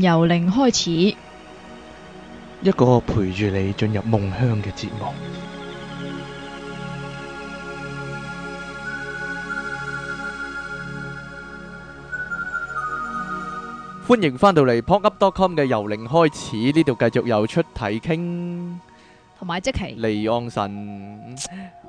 由零開始，一個陪住你進入夢鄉嘅節目。歡迎返到嚟 popup.com 嘅由零開始呢度，繼續有出題傾。同埋即期，利昂神，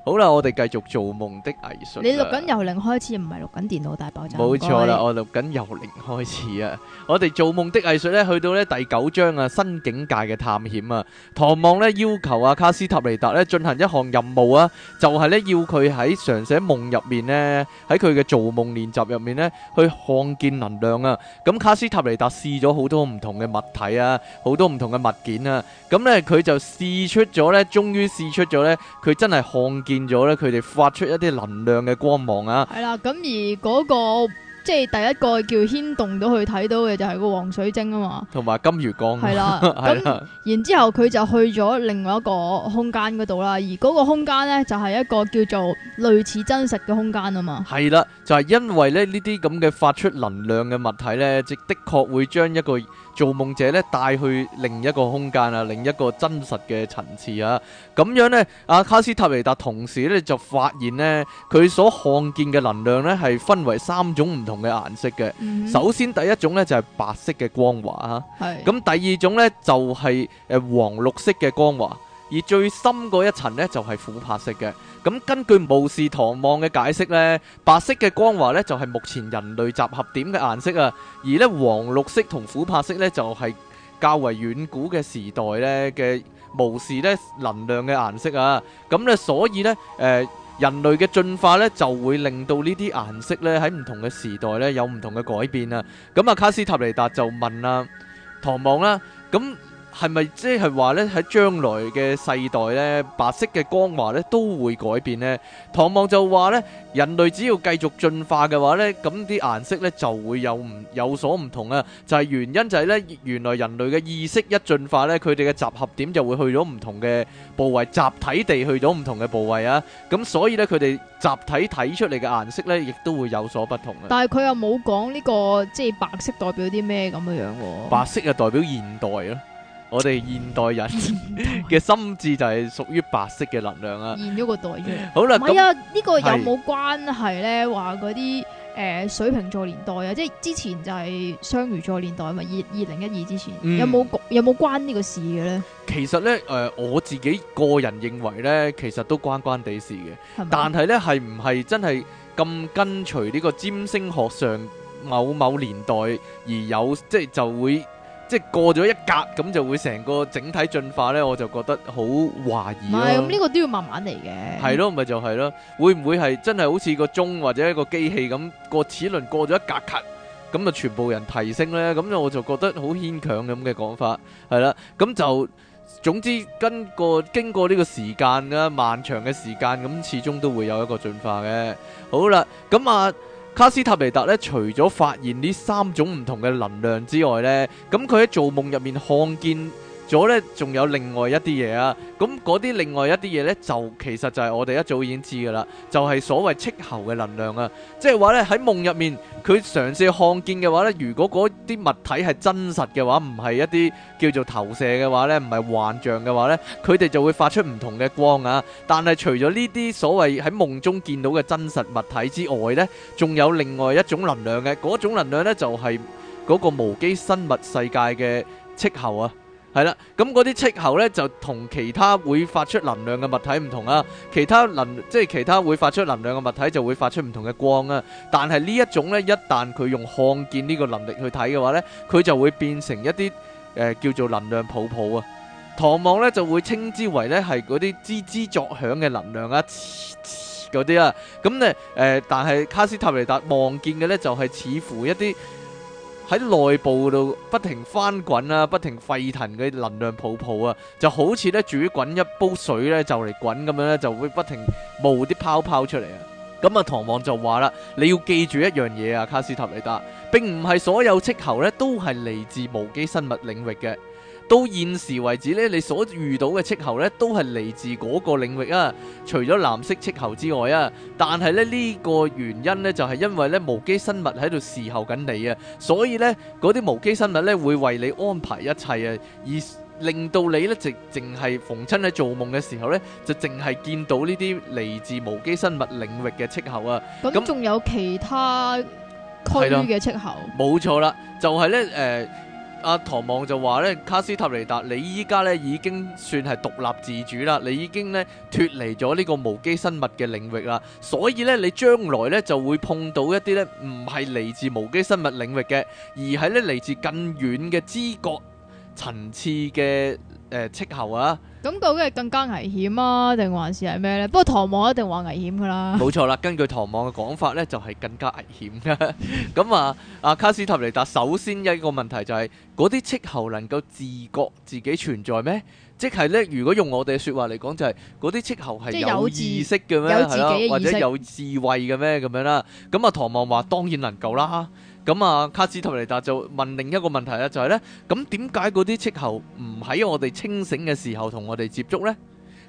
好啦，我哋繼續做夢的藝術。你錄緊由零開始，唔係錄緊電腦大爆炸。冇錯啦，我錄緊由零開始啊！我哋做夢的藝術咧，去到咧第九章啊，新境界嘅探險啊，唐望咧要求啊，卡斯塔尼達咧進行一項任務啊，就係咧要佢喺常寫夢入面咧，喺佢嘅做夢練習入面咧去看見能量啊！咁卡斯塔尼達試咗好多唔同嘅物體啊，好多唔同嘅物件啊，咁咧佢就試出咗。咁咧，終於試出咗咧，佢真係看見咗咧，佢哋發出一啲能量嘅光芒啊！係啦，咁而嗰個即係第一個叫牽動到佢睇到嘅就係個黃水晶啊嘛，同埋金魚缸。係啦，咁然之後佢就去咗另外一個空間嗰度啦，而嗰個空間咧就係一個叫做類似真實嘅空間啊嘛，係啦，就係因為咧呢啲咁嘅發出能量嘅物體咧，即的確會將一個做夢者咧帶去另一個空間啊，另一個真實嘅層次啊，咁樣咧，阿卡斯塔尼達同時咧就發現咧，佢所看見嘅能量咧係分為三種唔同嘅顏色嘅。首先第一種咧就係白色嘅光華啊，咁第二種咧就係誒黃綠色嘅光華。而最深嗰一層呢就係琥珀色嘅。咁根據巫士唐望嘅解釋呢，白色嘅光華呢就係目前人類集合點嘅顏色啊。而呢黃綠色同琥珀色呢就係較為遠古嘅時代呢嘅巫士呢能量嘅顏色啊。咁呢所以呢誒人類嘅進化呢就會令到呢啲顏色呢喺唔同嘅時代呢有唔同嘅改變啊。咁啊卡斯塔尼達就問啦唐望啦，咁。係咪即係話呢？喺將來嘅世代呢，白色嘅光華呢都會改變呢？唐望就話呢，人類只要繼續進化嘅話呢，咁啲顏色呢就會有唔有所唔同啊！就係、是、原因就係呢，原來人類嘅意識一進化呢，佢哋嘅集合點就會去咗唔同嘅部位，集體地去咗唔同嘅部位啊！咁所以呢，佢哋集體睇出嚟嘅顏色呢亦都會有所不同啊！但係佢又冇講呢個即係、就是、白色代表啲咩咁嘅樣、啊？白色就代表現代咯。我哋現代人嘅心智就係屬於白色嘅能量啊！變咗個代出嚟 好啦，唔、嗯、那啊，呢、這個有冇關係咧？話嗰啲誒水瓶座年代啊，即係之前就係雙魚座年代啊嘛，二二零一二之前、嗯、有冇有冇關呢個事嘅咧？其實咧，誒、呃、我自己個人認為咧，其實都關關地事嘅。吧但係咧，係唔係真係咁跟隨呢個占星學上某某年代而有，即係就會？即係過咗一格咁就會成個整體進化呢，我就覺得好懷疑咯。唔係，咁呢個都要慢慢嚟嘅。係咯，咪 就係、是、咯。會唔會係真係好似個鐘或者一個機器咁個齒輪過咗一格格咁啊，全部人提升呢？咁我就覺得好牽強咁嘅講法。係啦，咁就總之跟個經過呢個時間啦、啊，漫長嘅時間，咁始終都會有一個進化嘅。好啦，咁啊。卡斯塔尼特咧，除咗發現呢三種唔同嘅能量之外咧，咁佢喺做夢入面看見咗咧，仲有另外一啲嘢啊！咁嗰啲另外一啲嘢咧，就其實就係我哋一早已經知噶啦，就係所謂斥候嘅能量啊！即係話咧喺夢入面，佢嘗試看見嘅話咧，如果嗰啲物體係真實嘅話，唔係一啲叫做投射嘅話咧，唔係幻象嘅話咧，佢哋就會發出唔同嘅光啊！但係除咗呢啲所謂喺夢中見到嘅真實物體之外咧，仲有另外一種能量嘅，嗰種能量咧就係嗰個無機生物世界嘅斥候啊！係啦，咁嗰啲斥候呢，就同其他會發出能量嘅物體唔同啊，其他能即係其他會發出能量嘅物體就會發出唔同嘅光啊，但係呢一種呢，一旦佢用看見呢個能力去睇嘅話呢，佢就會變成一啲誒、呃、叫做能量泡泡啊，唐望呢，就會稱之為呢係嗰啲滋滋作響嘅能量啊，嗰啲啊，咁、嗯、呢，誒、呃、但係卡斯塔尼達望見嘅呢，就係似乎一啲。喺內部度不停翻滾啦，不停沸騰嘅能量泡泡啊，就好似咧煮滾一煲水咧就嚟滾咁樣咧，就會不停冒啲泡泡出嚟啊！咁啊，唐望就話啦：你要記住一樣嘢啊，卡斯塔尼達並唔係所有斥候咧都係嚟自無機生物領域嘅。到現時為止咧，你所遇到嘅斥候咧，都係嚟自嗰個領域啊。除咗藍色斥候之外啊，但係咧呢個原因咧，就係因為咧無機生物喺度侍候緊你啊，所以咧嗰啲無機生物咧會為你安排一切啊，而令到你咧，淨淨係逢親喺做夢嘅時候咧，就淨係見到呢啲嚟自無機生物領域嘅斥候啊。咁仲有其他區嘅斥候？冇錯啦，就係咧誒。阿唐、啊、望就話咧，卡斯塔尼達，你依家咧已經算係獨立自主啦，你已經咧脫離咗呢個無機生物嘅領域啦，所以咧你將來咧就會碰到一啲咧唔係嚟自無機生物領域嘅，而係咧嚟自更遠嘅知覺層次嘅誒斥候啊。咁究竟係更加危險啊？定還是係咩呢？不過唐望一定話危險噶啦。冇錯啦，根據唐望嘅講法呢，就係、是、更加危險嘅。咁 啊，阿、啊、卡斯塔尼達首先一個問題就係嗰啲斥候能夠自覺自己存在咩？即係呢，如果用我哋嘅説話嚟講、就是，就係嗰啲斥候係有意識嘅咩？或者有智慧嘅咩？咁樣啦。咁啊，唐望話當然能夠啦。咁啊，卡斯特尼達就問另一個問題啦，就係咧，咁點解嗰啲斥候唔喺我哋清醒嘅時候同我哋接觸咧？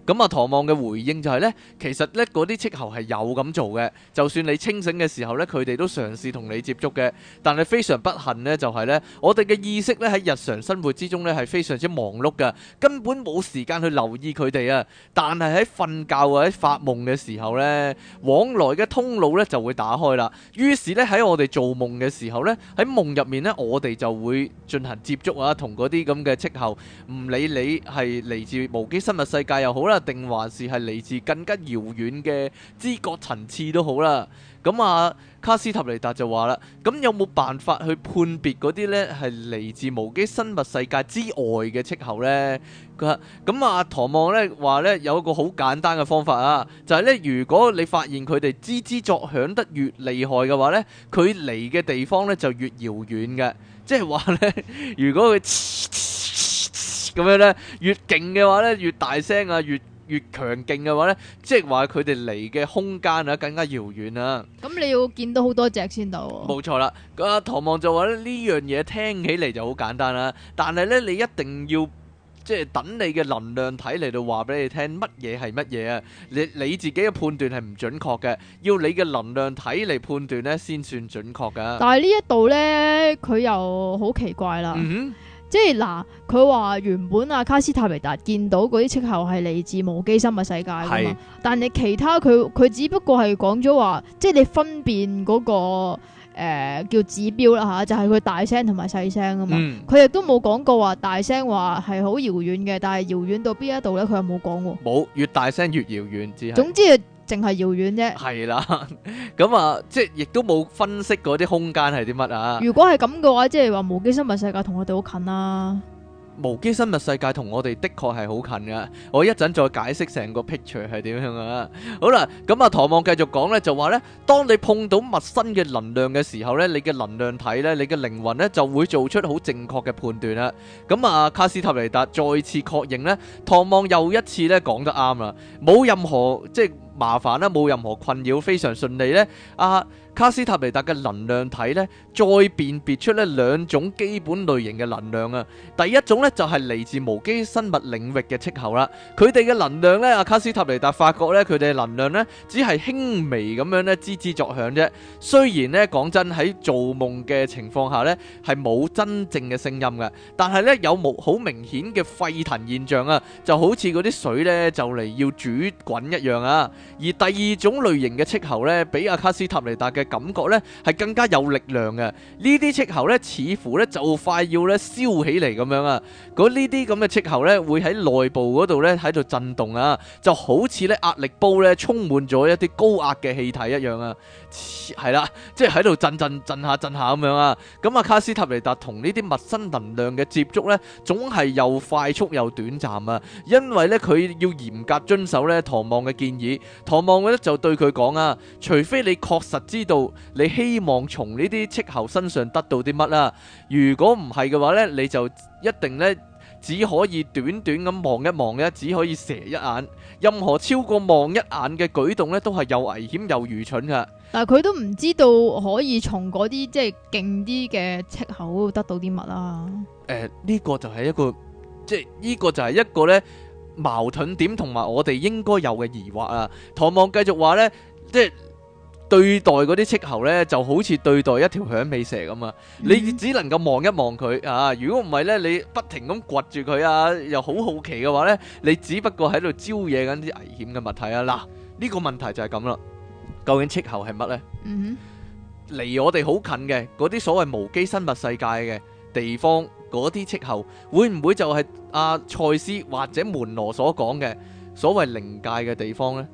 咁啊，唐望嘅回應就係咧，其實咧，嗰啲斥候係有咁做嘅，就算你清醒嘅時候咧，佢哋都嘗試同你接觸嘅。但係非常不幸咧，就係咧，我哋嘅意識咧喺日常生活之中咧係非常之忙碌嘅，根本冇時間去留意佢哋啊。但係喺瞓覺或者發夢嘅時候咧，往來嘅通路咧就會打開啦。於是咧喺我哋做夢嘅時候咧，喺夢入面咧，我哋就會進行接觸啊，同嗰啲咁嘅斥候，唔理你係嚟自無機生物世界又好啦。定還是係嚟自更加遙遠嘅知覺層次都好啦。咁啊，卡斯塔尼達就話啦，咁有冇辦法去判別嗰啲呢係嚟自無機生物世界之外嘅斥候呢？佢咁啊，唐望咧話咧有一個好簡單嘅方法啊，就係呢：如果你發現佢哋吱吱作響得越厲害嘅話呢，佢嚟嘅地方呢就越遙遠嘅，即係話呢，如果佢。咁樣咧，越勁嘅話咧，越大聲啊，越越強勁嘅話咧，即係話佢哋嚟嘅空間啊，更加遙遠啊。咁你要見到好多隻先到。冇錯啦，阿唐望就話呢樣嘢聽起嚟就好簡單啦，但係咧你一定要即係、就是、等你嘅能量體嚟到話俾你聽乜嘢係乜嘢啊，你你自己嘅判斷係唔準確嘅，要你嘅能量體嚟判斷咧先算準確噶。但係呢一度咧，佢又好奇怪啦。嗯哼即係嗱，佢話原本阿卡斯塔尼達見到嗰啲斥候係嚟自無機生物世界噶嘛，是但係你其他佢佢只不過係講咗話，即係你分辨嗰個誒叫指標啦吓，就係佢大聲同埋細聲啊嘛，佢亦都冇講過話大聲話係好遙遠嘅，但係遙遠到邊一度咧，佢又冇講喎。冇越大聲越遙遠，之總之。淨係遙遠啫，係啦，咁啊，即係亦都冇分析嗰啲空間係啲乜啊？如果係咁嘅話，即係話無機生物世界同我哋好近啊。無機生物世界同我哋的確係好近噶。我一陣再解釋成個 picture 係點樣啊。好啦，咁啊，唐望繼續講咧，就話咧，當你碰到陌生嘅能量嘅時候咧，你嘅能量體咧，你嘅靈魂咧，就會做出好正確嘅判斷啦。咁啊，卡斯塔尼達再次確認咧，唐望又一次咧講得啱啦，冇任何即係。麻煩啦，冇任何困擾，非常順利咧，啊！卡斯塔尼達嘅能量體咧，再辨別出咧兩種基本類型嘅能量啊。第一種咧就係嚟自無機生物領域嘅斥候啦。佢哋嘅能量咧，阿卡斯塔尼達發覺咧，佢哋能量咧只係輕微咁樣咧吱吱作響啫。雖然咧講真喺做夢嘅情況下咧係冇真正嘅聲音嘅，但係咧有冇好明顯嘅沸騰現象啊？就好似嗰啲水咧就嚟要煮滾一樣啊。而第二種類型嘅斥候咧，比阿卡斯塔尼達嘅感覺咧，係更加有力量嘅。呢啲氣候咧，似乎咧就快要咧燒起嚟咁樣啊！嗰呢啲咁嘅氣候咧，會喺內部嗰度咧喺度震動啊，就好似咧壓力煲咧充滿咗一啲高壓嘅氣體一樣啊！係啦， 即係喺度震震震下震下咁樣啊！咁啊，卡斯塔尼達同呢啲陌生能量嘅接觸呢，總係又快速又短暫啊！因為呢，佢要嚴格遵守呢唐望嘅建議。唐望呢就對佢講啊：「除非你確實知道你希望從呢啲斥候身上得到啲乜啦，如果唔係嘅話呢，你就一定呢。」只可以短短咁望一望嘅，只可以蛇一眼。任何超過望一眼嘅舉動咧，都係又危險又愚蠢噶。但係佢都唔知道可以從嗰啲即係勁啲嘅切口得到啲乜啊？誒、呃、呢、這個就係一個即係呢、這個就係一個咧矛盾點，同埋我哋應該有嘅疑惑啊。唐望繼續話咧，即係。對待嗰啲斥候呢，就好似對待一條響尾蛇咁啊！嗯、哼你只能夠望一望佢啊！如果唔係呢，你不停咁掘住佢啊，又好好奇嘅話呢，你只不過喺度招惹緊啲危險嘅物體啊！嗱，呢個問題就係咁啦。究竟斥候係乜呢？嗯哼，離我哋好近嘅嗰啲所謂無機生物世界嘅地方，嗰啲斥候會唔會就係阿賽斯或者門羅所講嘅所謂靈界嘅地方呢？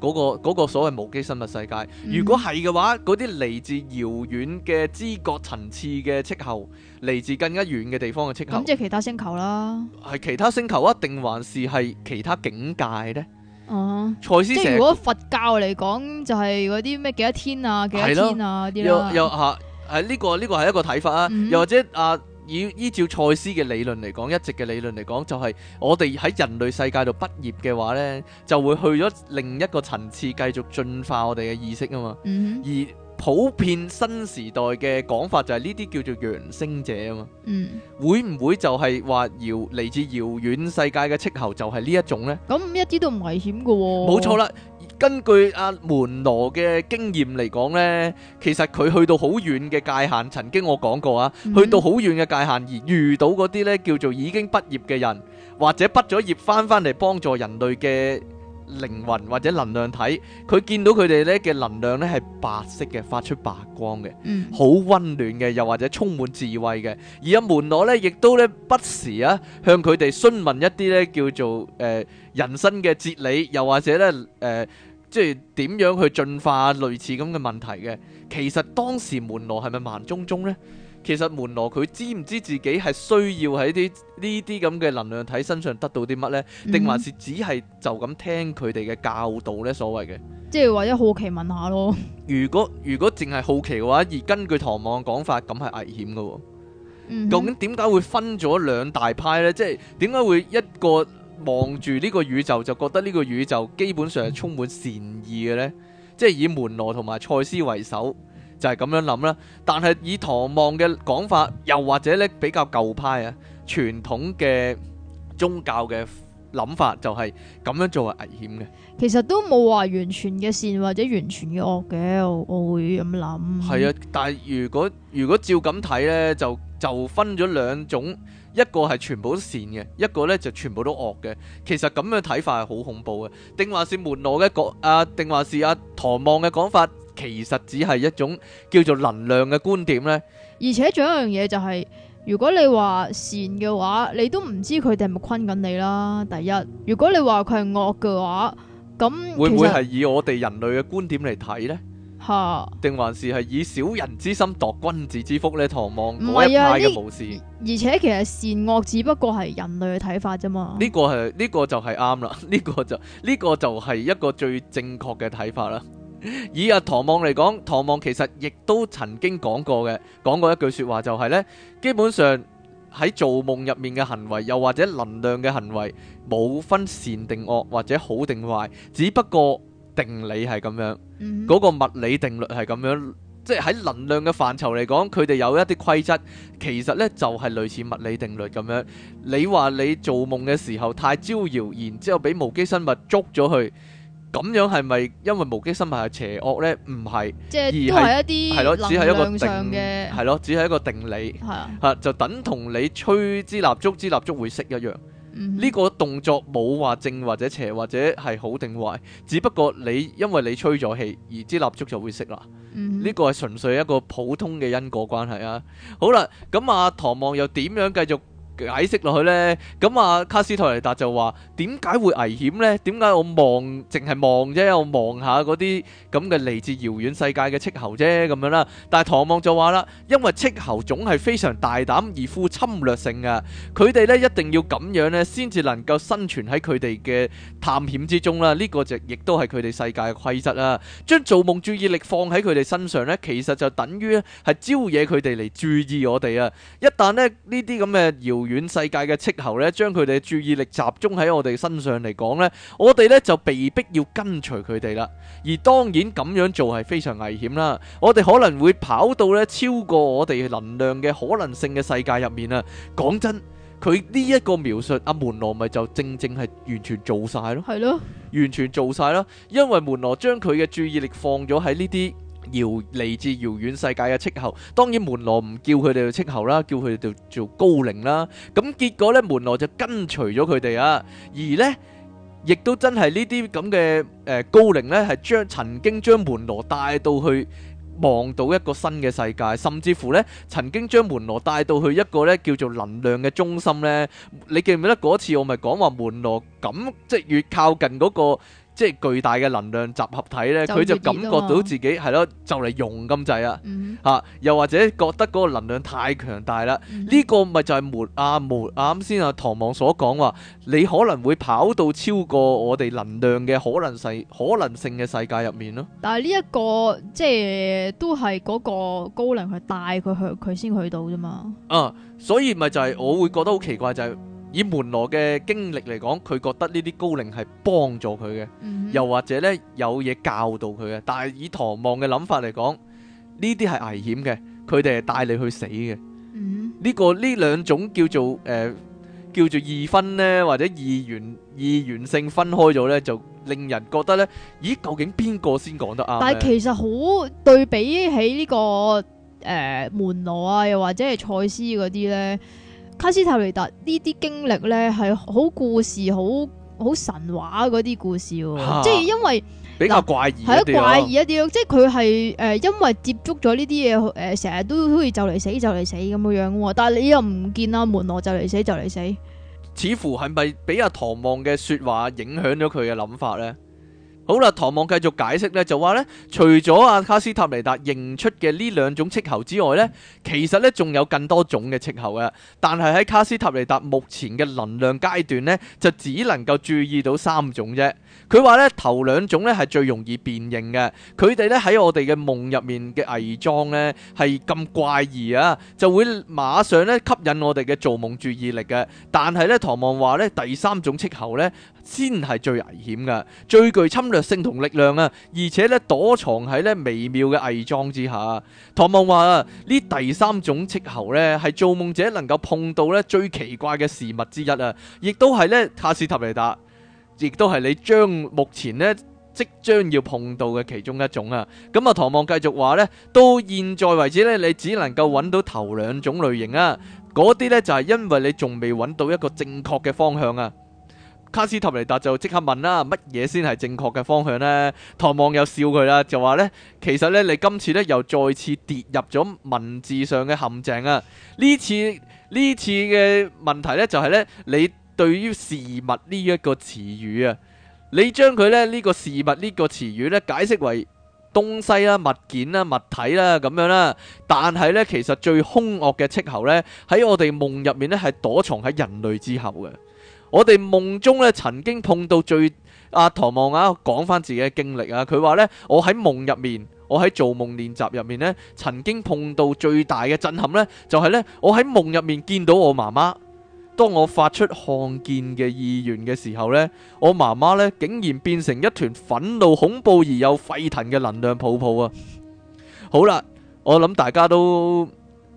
嗰、嗰個嗰個所謂無機生物世界，如果係嘅話，嗰啲嚟自遙遠嘅知覺層次嘅斥候，嚟自更加遠嘅地方嘅斥候、嗯，即係其他星球啦，係其他星球啊？定還是係其他境界咧？哦、啊，賽斯即係如果佛教嚟講，就係嗰啲咩幾多天啊，幾多天啊啲又又嚇係呢個，呢個係一個睇法啊，嗯、又或者啊。以依照賽斯嘅理論嚟講，一直嘅理論嚟講，就係、是、我哋喺人類世界度畢業嘅話呢就會去咗另一個層次繼續進化我哋嘅意識啊嘛。Mm hmm. 而普遍新時代嘅講法就係呢啲叫做揚升者啊嘛。Mm hmm. 會唔會就係話遙嚟自遙遠世界嘅斥候就係呢一種呢？咁、嗯、一啲都唔危險㗎喎、哦。冇錯啦。根據阿、啊、門羅嘅經驗嚟講呢，其實佢去到好遠嘅界限，曾經我講過啊，去到好遠嘅界限而遇到嗰啲咧叫做已經畢業嘅人，或者畢咗業返返嚟幫助人類嘅，靈魂或者能量體，佢見到佢哋咧嘅能量咧係白色嘅，發出白光嘅，好溫暖嘅，又或者充滿智慧嘅。而阿、啊、門羅咧，亦都咧不時啊向佢哋詢問一啲咧叫做誒、呃、人生嘅哲理，又或者咧誒、呃、即係點樣去進化類似咁嘅問題嘅。其實當時門羅係咪盲中中咧？其實門羅佢知唔知自己係需要喺啲呢啲咁嘅能量體身上得到啲乜呢？定還是只係就咁聽佢哋嘅教導呢？所謂嘅，即係或者好奇問,問下咯。如果如果淨係好奇嘅話，而根據唐望講法，咁係危險嘅喎。嗯哼究竟點解會分咗兩大派呢？即係點解會一個望住呢個宇宙就覺得呢個宇宙基本上係充滿善意嘅呢？即係以門羅同埋賽斯為首。就係咁樣諗啦，但係以唐望嘅講法，又或者咧比較舊派啊，傳統嘅宗教嘅諗法就係咁樣做係危險嘅。其實都冇話完全嘅善或者完全嘅惡嘅，我我會咁諗。係啊，但係如果如果照咁睇咧，就就分咗兩種，一個係全部都善嘅，一個咧就全部都惡嘅。其實咁樣睇法係好恐怖嘅，定話是門羅嘅講啊？定話是阿唐望嘅講法？其實只係一種叫做能量嘅觀點，會會觀點呢。而且仲有一樣嘢就係，如果你話善嘅話，你都唔知佢哋係咪困緊你啦。第一，如果你話佢係惡嘅話，咁會唔會係以我哋人類嘅觀點嚟睇呢？吓，定還是係以小人之心度君子之腹咧？唐望嗰一派嘅模式，而且其實善惡只不過係人類嘅睇法啫嘛。呢個係呢、這個就係啱啦，呢、這個就呢、這個就係一個最正確嘅睇法啦。以阿、啊、唐望嚟講，唐望其實亦都曾經講過嘅，講過一句說話就係、是、呢基本上喺做夢入面嘅行為，又或者能量嘅行為，冇分善定惡或者好定壞，只不過定理係咁樣，嗰、Mm-hmm. 個物理定律係咁樣，即係喺能量嘅範疇嚟講，佢哋有一啲規則，其實呢就係、是、類似物理定律咁樣。你話你做夢嘅時候太招搖，然之後俾無機生物捉咗去。咁樣係咪因為無機生物係邪惡呢？唔係，而係一啲係咯，只係一個定係咯，只係一個定理。係的就等同你吹支蠟燭，支蠟燭會熄一樣。呢、嗯、哼個動作冇話正或者邪或者係好定壞，只不過你因為你吹咗氣而支蠟燭就會熄啦。呢個係純粹一個普通嘅因果關係啊！好啦，咁阿唐望又點樣繼續？解釋落去呢，咁啊卡斯托尼達就話：點解會危險呢？點解我望淨係望啫？我望下嗰啲咁嘅嚟自遙遠世界嘅赤猴啫咁樣啦。但係唐望就話啦：因為赤猴總係非常大膽而富侵略性嘅，佢哋呢一定要咁樣呢先至能夠生存喺佢哋嘅探險之中啦。呢、這個就亦都係佢哋世界嘅規則啦。將做夢注意力放喺佢哋身上呢，其實就等於係招惹佢哋嚟注意我哋啊！一旦呢呢啲咁嘅遙遠世界嘅斥候咧，將佢哋嘅注意力集中喺我哋身上嚟講呢，我哋呢就被迫要跟隨佢哋啦。而當然咁樣做係非常危險啦，我哋可能會跑到咧，超過我哋能量嘅可能性嘅世界入面啊。講真，佢呢一個描述阿、啊、門羅咪就正正係完全做晒咯，係咯的，完全做晒啦，因為門羅將佢嘅注意力放咗喺呢啲。遙嚟自遙遠世界嘅斥候，當然門羅唔叫佢哋做斥候啦，叫佢哋做高靈啦。咁結果咧，門羅就跟隨咗佢哋啊。而咧，亦都真係呢啲咁嘅誒高靈咧，係將曾經將門羅帶到去望到一個新嘅世界，甚至乎咧，曾經將門羅帶到去一個咧叫做能量嘅中心咧。你記唔記得嗰次我咪講話門羅咁，即係越靠近嗰個？即係巨大嘅能量集合體咧，佢就，啊、就感覺到自己係咯，啊，就嚟用咁滯啦嚇，又或者覺得嗰個能量太強大啦，呢、嗯、哼 個咪就係沒啊沒啱、啊、先啊，唐望所講話，你可能會跑到超過我哋能量嘅可能世可能性嘅世界入面咯。但係呢一個即係、就是呃、都係嗰個高能去帶佢去，佢先去到啫嘛。啊、嗯，所以咪就係我會覺得好奇怪就係、是。以門羅嘅經歷嚟講，佢覺得呢啲高靈係幫助佢嘅，又或者咧有嘢教導佢嘅。但係以唐望嘅諗法嚟講，呢啲係危險嘅，佢哋係帶你去死嘅。呢個呢兩種叫做誒叫做二分咧，或者二元二元性分開咗咧，就令人覺得咧，咦究竟邊個先講得啱？但係其實好對比起呢個誒門羅啊，又或者係賽斯嗰啲咧。卡斯塔尼達呢啲經歷咧係好故事，好好神話嗰啲故事喎，啊、即係因為比較怪異，係一、呃、怪異一啲咯，啊、即係佢係誒因為接觸咗呢啲嘢，誒成日都好似就嚟死就嚟死咁樣樣喎，但係你又唔見阿門羅就嚟死就嚟死，死似乎係咪俾阿唐望嘅説話影響咗佢嘅諗法咧？好啦，唐望繼續解釋咧，就話咧，除咗阿卡斯塔尼達認出嘅呢兩種斥候之外咧，其實咧仲有更多種嘅斥候啊，但係喺卡斯塔尼達目前嘅能量階段咧，就只能夠注意到三種啫。佢話咧，頭兩種咧係最容易辨認嘅，佢哋咧喺我哋嘅夢入面嘅偽裝咧係咁怪異啊，就會馬上咧吸引我哋嘅做夢注意力嘅。但係咧，唐望話咧，第三種斥候咧先係最危險嘅，最具侵略。聖同力量啊，而且咧躲藏喺咧微妙嘅偽裝之下。唐望話啊，呢第三種斥候咧係做夢者能夠碰到咧最奇怪嘅事物之一啊，亦都係咧卡斯塔尼達，亦都係你將目前呢即將要碰到嘅其中一種啊。咁、嗯、啊，唐望繼續話咧，到現在為止咧，你只能夠揾到頭兩種類型啊，嗰啲咧就係、是、因為你仲未揾到一個正確嘅方向啊。卡斯托尼達就即刻問啦，「乜嘢先係正確嘅方向呢？」唐望又笑佢啦，就話呢：「其實呢，你今次呢又再次跌入咗文字上嘅陷阱啊！呢次呢次嘅問題呢，就係呢你對於事物呢一個詞語啊，你將佢呢呢個事物呢個詞語呢解釋為東西啦、物件啦、物體啦咁樣啦，但係呢，其實最兇惡嘅斥候呢，喺我哋夢入面呢，係躲藏喺人類之後嘅。我哋夢中咧曾經碰到最阿唐望啊，講返、啊、自己嘅經歷啊，佢話呢：「我喺夢入面，我喺做夢練習入面呢，曾經碰到最大嘅震撼呢，就係、是、呢。我喺夢入面見到我媽媽。當我發出看見嘅意願嘅時候呢，我媽媽呢竟然變成一團憤怒、恐怖而又沸騰嘅能量泡泡啊！好啦，我諗大家都。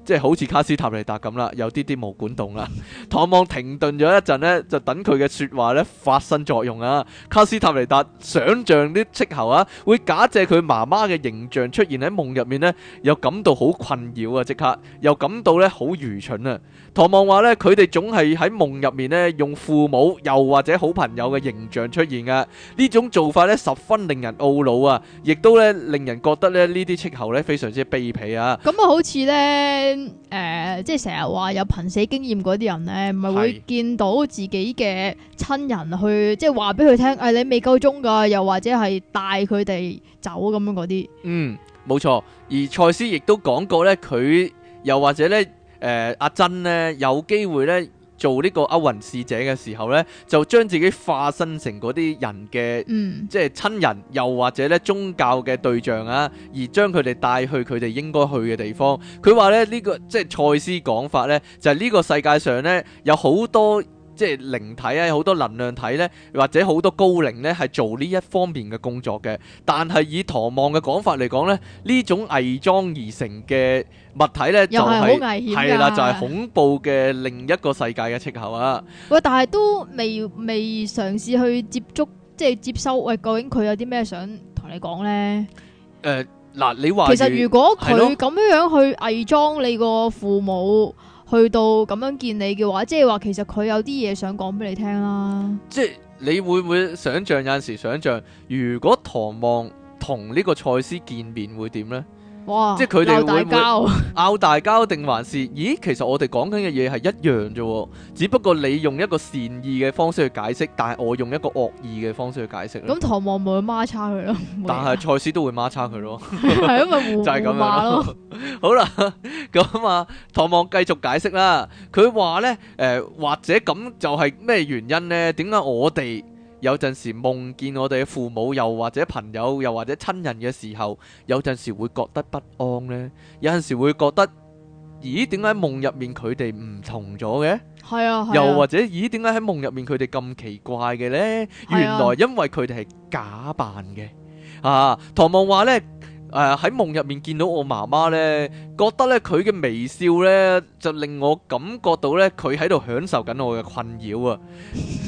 即係好似卡斯塔尼達咁啦，有啲啲冇管動啦。唐望停頓咗一陣呢，就等佢嘅説話咧發生作用啊。卡斯塔尼達想象啲戚喉啊，會假借佢媽媽嘅形象出現喺夢入面呢，又感到好困擾啊！即刻又感到呢，好愚蠢啊！唐望話咧，佢哋總係喺夢入面咧，用父母又或者好朋友嘅形象出現嘅，呢種做法咧，十分令人懊惱啊！亦都咧，令人覺得咧，呢啲斥候咧，非常之卑鄙啊！咁啊，好似咧，誒，即係成日話有瀕死經驗嗰啲人咧，咪會見到自己嘅親人去，即係話俾佢聽，誒、哎，你未夠鐘噶，又或者係帶佢哋走咁樣嗰啲。嗯，冇錯。而蔡司亦都講過咧，佢又或者咧。誒、呃、阿珍咧，有機會咧，做呢個歐雲使者嘅時候咧，就將自己化身成嗰啲人嘅，嗯、即係親人，又或者咧，宗教嘅對象啊，而將佢哋帶去佢哋應該去嘅地方。佢話咧呢、呢個即係賽斯講法咧，就係、係、呢個世界上咧有好多，即係靈體啊，好多能量體咧，或者好多高靈咧，係做呢一方面嘅工作嘅。但係以唐望嘅講法嚟講咧，呢種偽裝而成嘅物體咧，就係好危險嘅，係啦，就係恐怖嘅另一個世界嘅斥候啊！喂，但係都未未嘗試去接觸，即係接收。喂，究竟佢有啲咩想同你講咧？誒嗱，你話其實如果佢咁樣樣去偽裝你個父母？去到咁樣見你嘅話，即係話其實佢有啲嘢想講俾你聽啦。即係你會唔會想象，有陣時想象，如果唐望同呢個賽斯見面會點呢？哇！即係佢哋會唔會拗大交定還是？咦，其實我哋講緊嘅嘢係一樣啫，只不過你用一個善意嘅方式去解釋，但係我用一個惡意嘅方式去解釋。咁唐望唔會去孖叉佢咯？但係賽斯都會孖叉佢咯？係啊，咪互就係咁樣咯。好啦，咁啊，唐望繼續解釋啦。佢話咧，誒，或者咁就係咩原因咧？點解我哋？有陣時夢見我哋父母，又或者朋友，又或者親人嘅時候，有陣時會覺得不安呢。有陣時會覺得，咦？點解夢入面佢哋唔同咗嘅？啊啊、又或者，咦？點解喺夢入面佢哋咁奇怪嘅呢？啊、原來因為佢哋係假扮嘅。啊，唐望話呢。誒喺夢入面見到我媽媽咧，覺得咧佢嘅微笑咧就令我感覺到咧佢喺度享受緊我嘅困擾啊！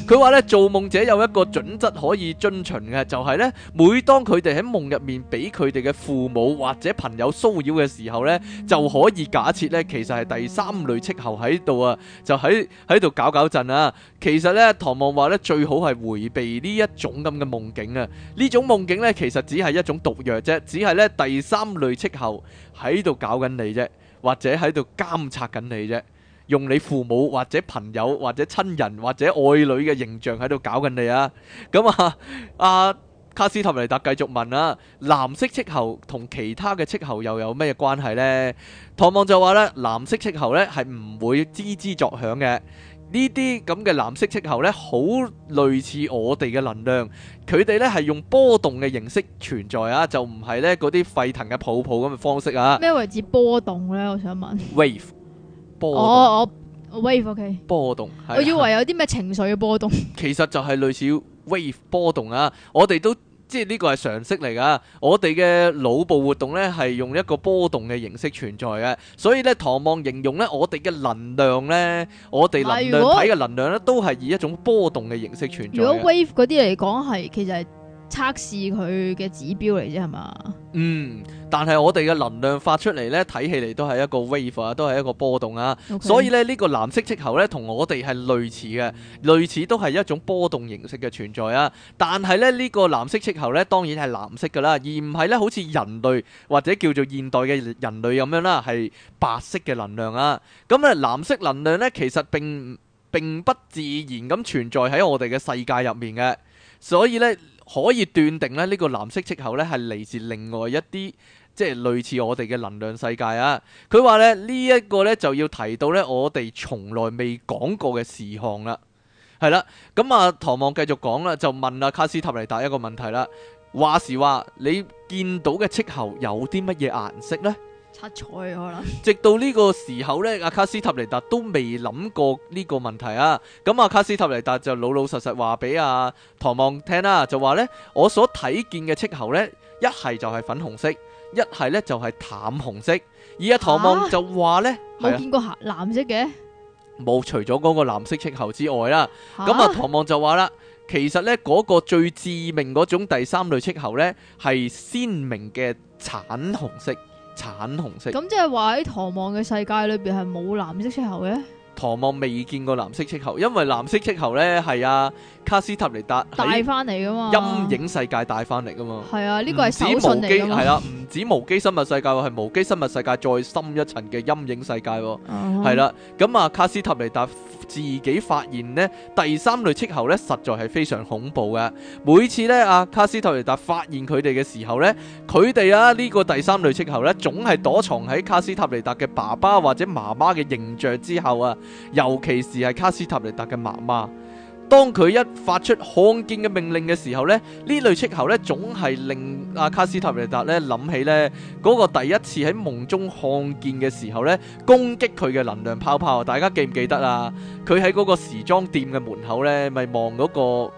佢話咧，做夢者有一個準則可以遵循嘅，就係咧，每當佢哋喺夢入面俾佢哋嘅父母或者朋友騷擾嘅時候咧，就可以假設咧其實係第三類斥候喺度啊，就喺喺度搞搞震啊！其實咧，唐望話咧最好係迴避呢一種咁嘅夢境啊！呢種夢境咧其實只係一種毒藥啫，只係咧。第三類斥候喺度搞緊你啫，或者喺度監察緊你啫，用你父母或者朋友或者親人或者愛女嘅形象喺度搞緊你啊！咁、嗯、啊，阿、啊、卡斯塔尼達繼續問啊，藍色斥候同其他嘅斥候又有咩關係呢？」唐望就話咧，藍色斥候咧係唔會吱吱作響嘅。呢啲咁嘅藍色氣球咧，好類似我哋嘅能量，佢哋咧係用波動嘅形式存在啊，就唔係咧嗰啲沸騰嘅泡泡咁嘅方式啊。咩為之波動咧？我想問。Wave 波。哦哦，wave OK。波動。我以為有啲咩情緒嘅波動。 其實就係類似 wave 波動啊，我哋都。即係呢個係常識嚟噶，我哋嘅腦部活動咧係用一個波動嘅形式存在嘅，所以咧唐望形容咧我哋嘅能量咧，我哋能量體嘅能量咧都係以一種波動嘅形式存在嘅。如果，如果 wave 嗰啲嚟講，係其實。測試佢嘅指標嚟啫，係嘛，嗯，但係我哋嘅能量發出嚟呢，睇起嚟都係一個 wave 啊，都係一個波動啊，Okay. 所以呢，呢、這個藍色斥候呢，同我哋係類似嘅，類似都係一種波動形式嘅存在啊。但係呢，呢、這個藍色斥候呢，當然係藍色噶啦，而唔係呢，好似人類或者叫做現代嘅人類咁樣啦，係白色嘅能量啊。咁、嗯、咧藍色能量呢，其實並並不自然咁存在喺我哋嘅世界入面嘅，所以呢。可以斷定咧，呢個藍色斥候咧係嚟自另外一啲，即係類似我哋嘅能量世界啊。佢話咧呢一、這個咧就要提到咧我哋從來未講過嘅事項啦。係啦，咁啊，唐望繼續講啦，就問阿、啊、卡斯塔尼達一個問題啦。話時話，你見到嘅斥候有啲乜嘢顏色呢？直到呢個時候呢，阿卡斯塔尼達都未諗過呢個問題啊。咁阿卡斯塔尼達就老老實實話俾阿唐望聽啦，啊，就話呢：「我所睇見嘅戚候呢，一係就係粉紅色，一係呢就係淡紅色。而阿唐望就話呢啊「冇，啊、見過藍色嘅冇，除咗嗰個藍色戚候之外啦。咁啊，唐望就話啦，其實呢嗰，嗰個最致命嗰種第三類戚候呢，係鮮明嘅橙紅色。橙紅色，咁即係話喺唐望嘅世界裏邊係冇藍色斥候嘅。唐望未見過藍色斥候，因為藍色斥候咧係啊。卡斯塔尼達帶翻嚟噶嘛？陰影世界帶翻嚟噶嘛？係啊，呢個係。指無機係啦，唔止 無機生物世界，係無機生物世界再深一層嘅陰影世界。係啦，uh，咁，huh. 啊，卡斯塔尼達自己發現呢第三類斥候咧，實在係非常恐怖嘅。每次咧，啊，卡斯塔尼達發現佢哋嘅時候咧，佢哋啊呢，呢個第三類斥候咧，總係躲藏喺卡斯塔尼達嘅爸爸或者媽媽嘅形象之後啊，尤其是係卡斯塔尼達嘅媽媽。當佢一發出看見嘅命令嘅時候咧，呢類斥候咧總係令阿卡斯塔尼達咧諗起呢嗰個第一次喺夢中看見嘅時候呢，攻擊佢嘅能量泡泡，大家記唔記得啊？佢喺嗰個時裝店嘅門口呢，咪望嗰個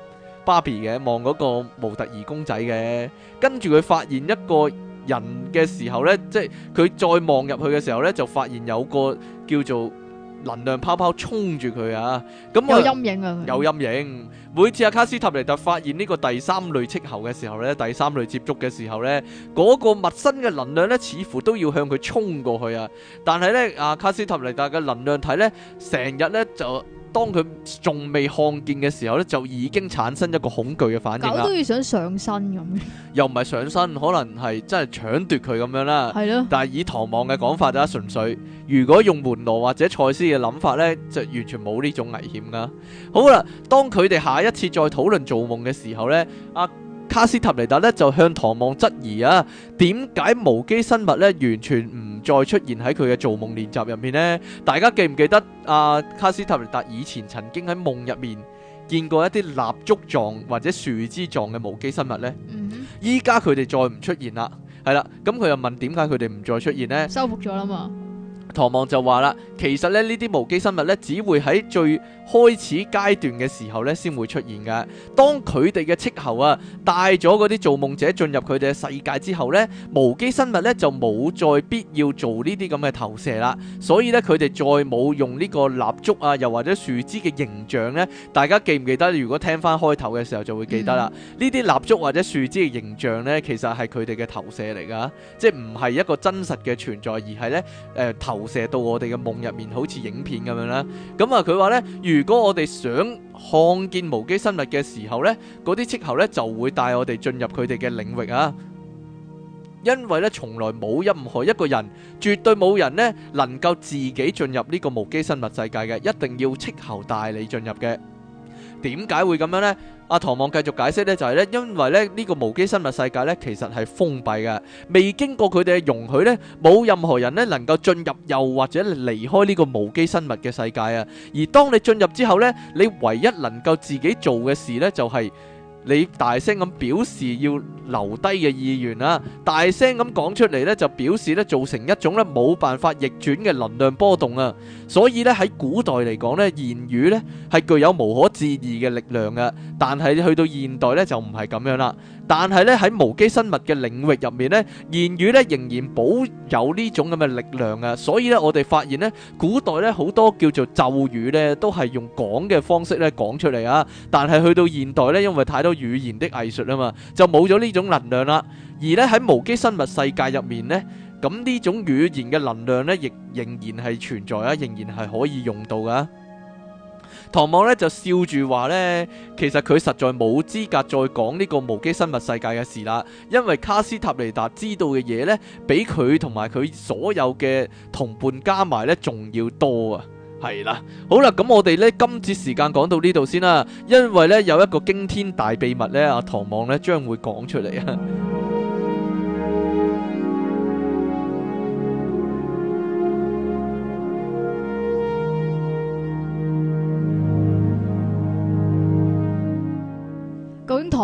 芭比嘅，望嗰個模特兒公仔嘅，跟住佢發現一個人嘅時候呢，即係佢再望入去嘅時候呢，就發現有個叫做。能量泡泡衝住佢啊！咁有陰影啊！有陰影。每次阿卡斯塔尼達發現呢個第三類斥候嘅時候呢，第三類接觸嘅時候呢，嗰、那個陌生嘅能量呢，似乎都要向佢衝過去啊！但係呢，阿卡斯塔尼達嘅能量體呢，成日呢就～當佢仲未看見嘅時候咧，就已經產生一個恐懼嘅反應啦。都要想上身咁，又唔係上身，可能係真係搶奪佢咁樣啦。係咯的。但係以唐望嘅講法就係純粹，如果用門羅或者賽斯嘅諗法咧，就完全冇呢種危險噶。好啦，當佢哋下一次再討論做夢嘅時候咧，阿、啊卡斯塔尼達咧就向唐望質疑啊，點解無機生物咧完全唔再出現喺佢嘅做夢練習入面呢？大家記唔記得啊？卡斯塔尼達以前曾經喺夢入面見過一啲蠟燭狀或者樹枝狀嘅無機生物呢？依家佢哋再唔出現啦，係啦，咁佢又問點解佢哋唔再出現呢？收復咗啦嘛。唐望就話啦，其實咧呢啲無機生物咧只會喺最。開始階段嘅時候咧，先會出現噶。當佢哋嘅斥候啊，帶咗嗰啲做夢者進入佢哋嘅世界之後呢，無機生物咧就冇再必要做呢啲咁嘅投射啦。所以咧，佢哋再冇用呢個蠟燭啊，又或者樹枝嘅形象呢，大家記唔記得？如果聽翻開頭嘅時候就會記得啦。呢啲蠟燭或者樹枝嘅形象呢，其實係佢哋嘅投射嚟噶，即係唔係一個真實嘅存在，而係呢，誒投射到我哋嘅夢入面，好似影片咁樣啦。咁啊，佢話呢。如果我哋想看見無機生物嘅時候呢，嗰啲斥候咧就會帶我哋進入佢哋嘅領域啊！因為咧從來冇任何一個人，絕對冇人呢能夠自己進入呢個無機生物世界嘅，一定要斥候帶你進入嘅。點解會咁樣呢？阿唐望繼續解釋咧，就係咧，因為咧呢個無機生物世界咧，其實係封閉嘅，未經過佢哋嘅容許咧，冇任何人咧能夠進入，又或者離開呢個無機生物嘅世界啊。而當你進入之後咧，你唯一能夠自己做嘅事咧，就係、是。你大聲咁表示要留低嘅意願啦，大聲咁講出嚟咧，就表示咧造成一種咧冇辦法逆轉嘅能量波動啊！所以咧喺古代嚟講咧，言語咧係具有無可置疑嘅力量㗎，但係去到現代咧就唔係咁樣啦。但係咧喺無機生物嘅領域入面咧，言語咧仍然保有呢種咁嘅力量啊！所以咧，我哋發現咧，古代咧好多叫做咒語咧，都係用講嘅方式咧講出嚟啊！但係去到現代咧，因為太多語言的藝術啊嘛，就冇咗呢種能量啦。而咧喺無機生物世界入面咧，咁呢種語言嘅能量咧，亦仍然係存在啊，仍然係可以用到噶。唐望咧就笑住話咧，其實佢實在冇資格再講呢個無機生物世界嘅事啦，因為卡斯塔尼達知道嘅嘢咧，比佢同埋佢所有嘅同伴加埋咧仲要多啊，係啦，好啦，咁我哋咧今次時間講到呢度先啦，因為咧有一個驚天大秘密咧，阿唐望咧將會講出嚟啊。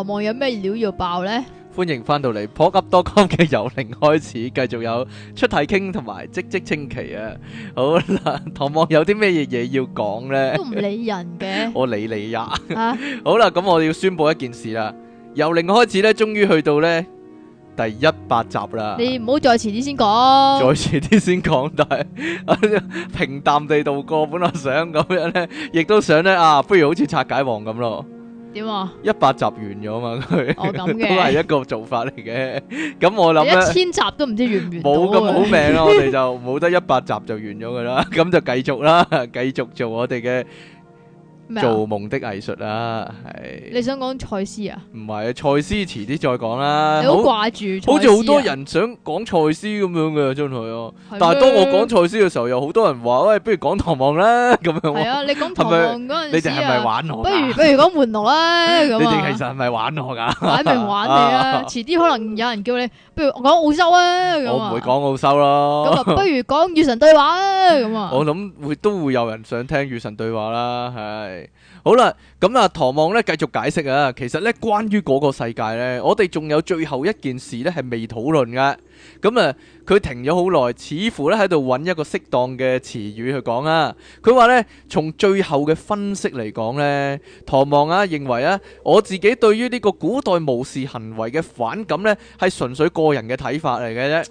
唐望有咩料要爆咧？歡迎翻到嚟，普及多康嘅由零開始，繼續有出題傾同埋積積稱奇啊！好啦，唐望有啲咩嘢嘢要講咧？都唔理人嘅，我理你呀！吓，好啦，咁我哋要宣布一件事啦，由零開始咧，終於去到咧第一百集啦！你唔好再遲啲先講，再遲啲先講，但係平淡地度過，本來想咁樣咧，亦都想咧啊，不如好似拆解王咁咯。.點啊？一百集完咗嘛？佢 都係一個做法嚟嘅。咁 我諗想一千集都唔知完唔完，冇咁好命咯，我哋就冇得一百集就完咗噶啦。咁 就繼續啦，繼續做我哋嘅。做夢的藝術啦，係你想講賽斯啊？唔係啊，賽斯遲啲再講啦。你掛，好掛住，好似好多人想講賽斯咁樣嘅真係喎。的但係當我講賽斯嘅時候，又好多人話喂、欸，不如講唐望啦咁樣。係啊，你講唐望嗰陣時啊， 不如不如講門羅啦。啊、 你哋其實係咪玩我噶？擺 明，明玩你啊！遲啲可能有人叫你，不如講澳洲啊。啊，我唔會講澳洲啦。咁 啊，不如講與神對話啊。咁啊， 我諗會都會有人想聽與神對話啦，係。好啦，咁啊，唐望咧繼續解釋啊。其實咧，關於嗰個世界咧，我哋仲有最後一件事咧係未討論嘅。咁啊，佢停咗好耐，似乎咧喺度揾一個適當嘅詞語去講啊。佢話咧，從最後嘅分析嚟講咧，唐望啊認為啊，我自己對於呢個古代無視行為嘅反感咧，係純粹個人嘅睇法嚟嘅啫。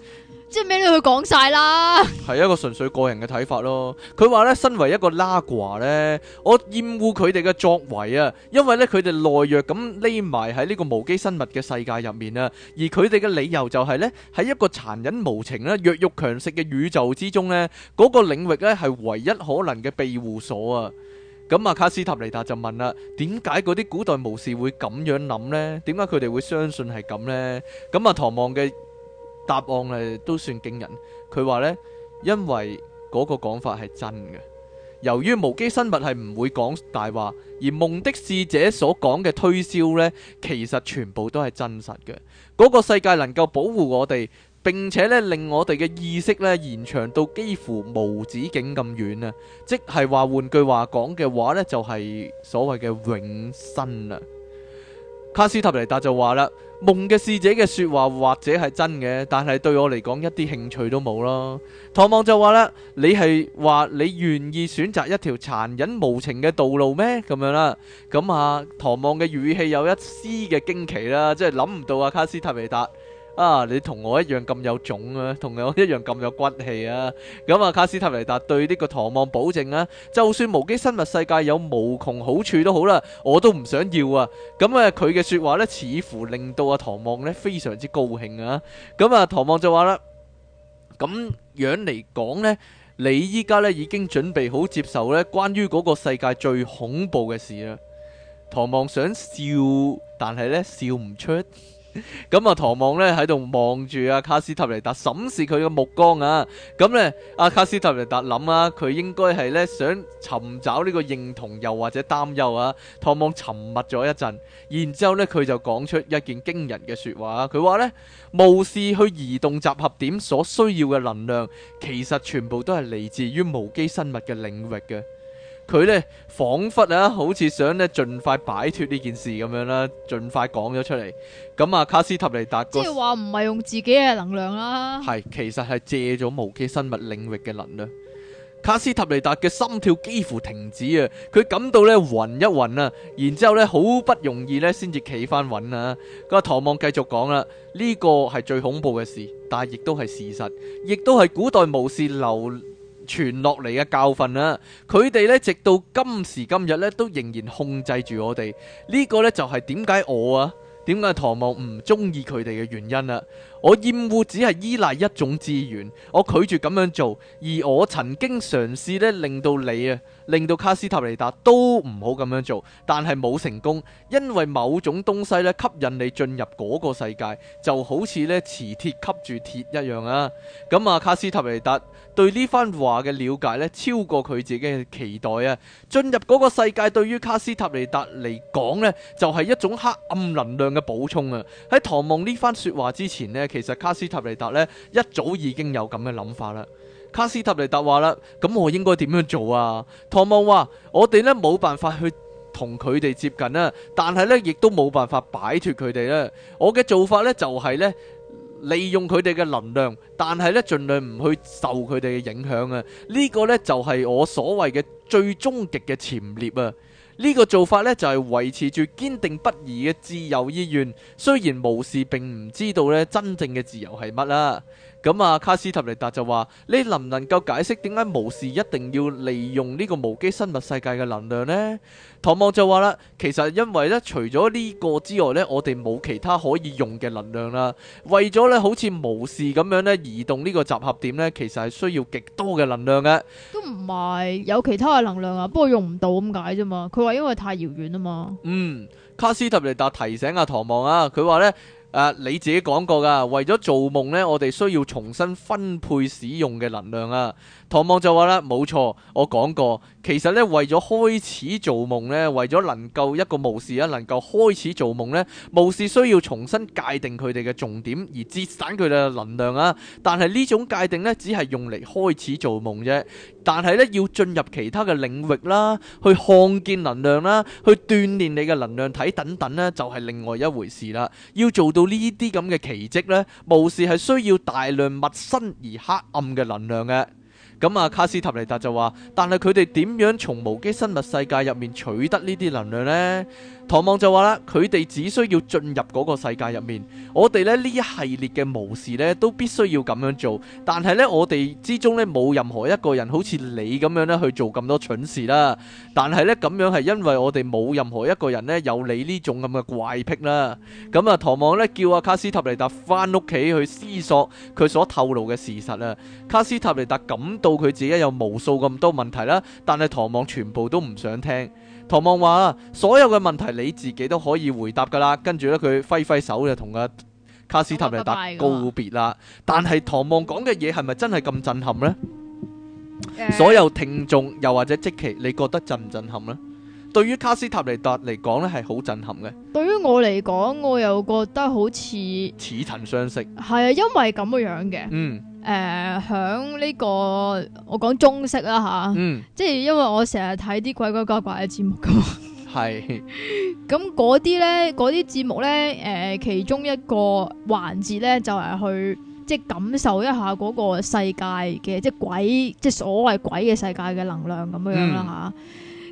即係咩都佢講晒啦，係一個純粹個人嘅睇法咯。佢話咧，身為一個拉呱，咧，我厭惡佢哋嘅作為啊，因為咧佢哋懦弱，咁匿埋喺呢個無機生物嘅世界入面啊，而佢哋嘅理由就係咧，喺一個殘忍無情啦、弱肉強食嘅宇宙之中咧，嗰個領域咧係唯一可能嘅庇護所啊。咁啊，卡斯塔尼達就問啦，點解嗰啲古代巫士會咁樣諗咧？點解佢哋會相信係咁咧？咁啊，唐望嘅。答案咧都算驚人，佢話呢，因為嗰個講法係真嘅，由於無機生物係唔會講大話，而夢的使者所講嘅推銷呢，其實全部都係真實嘅。嗰個世界能夠保護我哋，並且呢令我哋嘅意識呢延長到幾乎無止境咁遠啊！即係話換句話講嘅話呢，就係所謂嘅永生啊！卡斯塔尼達就話啦，夢嘅使者嘅說話或者係真嘅，但係對我嚟講一啲興趣都冇咯。唐望就話啦，你係話你願意選擇一條殘忍無情嘅道路咩？咁樣啦，咁啊，唐望嘅語氣有一絲嘅驚奇啦，即係諗唔到啊，卡斯塔尼達。啊！你同我一樣咁有種啊，同我一樣咁有骨氣啊！咁啊，卡斯塔尼達對呢個唐望保證啊， 就算無機生物世界有無窮好處都好啦，啊，我都唔想要啊！咁啊，佢嘅說話呢，似乎令到阿、啊、唐望呢非常之高興啊！咁啊，唐望就話啦，咁樣嚟講呢，你依家呢已經準備好接受呢關於嗰個世界最恐怖嘅事啦！唐望想笑，但係呢笑唔出。咁啊、 嗯，唐望咧喺度望住阿卡斯塔尼達，審視佢嘅目光啊。咁、嗯、咧，阿、啊、卡斯塔尼達諗啊，佢應該係咧想尋找呢個認同，又或者擔憂啊。唐望沉默咗一陣，然之後咧，佢就講出一件驚人嘅說話。佢話咧，巫士去移動集合點所需要嘅能量，其實全部都係嚟自於無機生物嘅領域嘅。佢呢，彷彿啊，好似想呢，盡快擺脫呢件事咁樣啦，盡快講咗出嚟。咁啊，卡斯塔尼達，即係話唔係用自己嘅能量啦、啊。係，其實係借咗無機生物領域嘅能量。卡斯塔尼達嘅心跳幾乎停止啊！佢感到呢，暈一暈啊，然之後呢，好不容易呢，先至企翻穩啊。個唐望繼續講啦，呢、這個係最恐怖嘅事，但係亦都係事實，亦都係古代巫師流。傳落嚟嘅教訓啦，佢哋呢，直到今時今日呢，都仍然控制住我哋，呢個呢，就係點解我啊，點解唐望唔中意佢哋嘅原因啊。我厭惡只係依賴一種資源，我拒絕咁樣做，而我曾經嘗試呢，令到你啊。令到卡斯塔尼達都唔好咁樣做，但係冇成功，因為某種東西咧吸引你進入嗰個世界，就好似咧磁鐵吸住鐵一樣啊！咁、嗯、啊，卡斯塔尼達對呢番話嘅了解咧，超過佢自己嘅期待啊！進入嗰個世界對於卡斯塔尼達嚟講咧，就係、是、一種黑暗能量嘅補充啊！喺唐望呢番說話之前呢，其實卡斯塔尼達咧一早已經有咁嘅諗法啦。卡斯塔尼達話啦：咁我應該點樣做啊？唐望話：我哋呢冇辦法去同佢哋接近啊，但係呢亦都冇辦法擺脫佢哋咧。我嘅做法呢就係呢，利用佢哋嘅能量，但係呢盡量唔去受佢哋嘅影響啊。呢個呢就係我所謂嘅最終極嘅潛獵啊。呢個做法呢就係維持住堅定不移嘅自由意願。雖然無視並唔知道呢，真正嘅自由係乜啦。咁啊，卡斯特尼達就話：你能唔能夠解釋點解巫士一定要利用呢個無機生物世界嘅能量呢？唐望就話啦，其實因為咧，除咗呢個之外咧，我哋冇其他可以用嘅能量啦。為咗咧，好似巫士咁樣咧，移動呢個集合點咧，其實係需要極多嘅能量嘅。都唔係有其他嘅能量啊，不過用唔到咁解啫嘛。佢話因為太遙遠啊嘛。嗯，卡斯特尼達提醒阿唐望啊，佢話咧。誒，你自己講過噶，為咗做夢咧，我哋需要重新分配使用嘅能量啊。唐望就話啦，冇錯，我講過，其實咧為咗開始做夢咧，為咗能夠一個巫師啊，能夠開始做夢咧，巫師需要重新界定佢哋嘅重點，而節省佢哋嘅能量啊。但係呢種界定咧，只係用嚟開始做夢啫。但係咧，要進入其他嘅領域啦，去看見能量啦，去鍛煉你嘅能量體等等咧，就係另外一回事啦。要做到。到呢啲咁嘅奇蹟呢，巫師係需要大量陌生而黑暗嘅能量嘅。咁啊，卡斯塔尼達就話：「但係佢哋點樣從無機生物世界入面取得呢啲能量呢？」唐望就話啦，佢哋只需要進入嗰個世界入面，我哋咧呢一系列嘅巫士呢，都必須要咁樣做，但係呢，我哋之中呢，冇任何一個人好似你咁樣咧去做咁多蠢事啦。但係呢，咁樣係因為我哋冇任何一個人呢，有你呢種咁嘅怪癖啦。咁啊，唐望呢，叫阿卡斯塔尼達返屋企去思索佢所透露嘅事實啊。卡斯塔尼達感到佢自己有無數咁多問題啦，但係唐望全部都唔想聽。唐望話所有嘅問題你自己都可以回答噶啦，跟住咧佢揮揮手就同阿卡斯塔尼達告別啦。嗯、但係唐望講嘅嘢係咪真係咁震撼呢？嗯、所有聽眾又或者積奇，你覺得震唔震撼呢？對於卡斯塔尼達嚟講呢係好震撼嘅。對於我嚟講，我又覺得好似似曾相識，係啊，因為咁嘅樣嘅。嗯。誒，響呢、呃，這個我講中式啦吓，啊嗯、即係因為我成日睇啲鬼鬼怪怪嘅節目噶嘛，係咁嗰啲咧，嗰啲節目咧，誒、呃，其中一個環節咧就係、是、去即係感受一下嗰個世界嘅即係鬼，即係所謂鬼嘅世界嘅能量咁、嗯、樣樣啦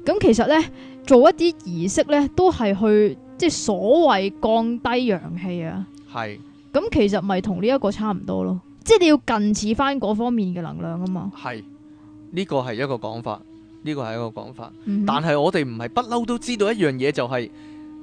吓。咁其實咧做一啲儀式咧，都係去即係所謂降低陽氣啊。係咁，其實咪同呢一呢是個差唔多咯。即係你要近似翻嗰方面嘅能量啊嘛，係，呢個係一個講法，呢個係一個講法，嗯、哼但係我哋唔係不嬲都知道一樣嘢就係、是。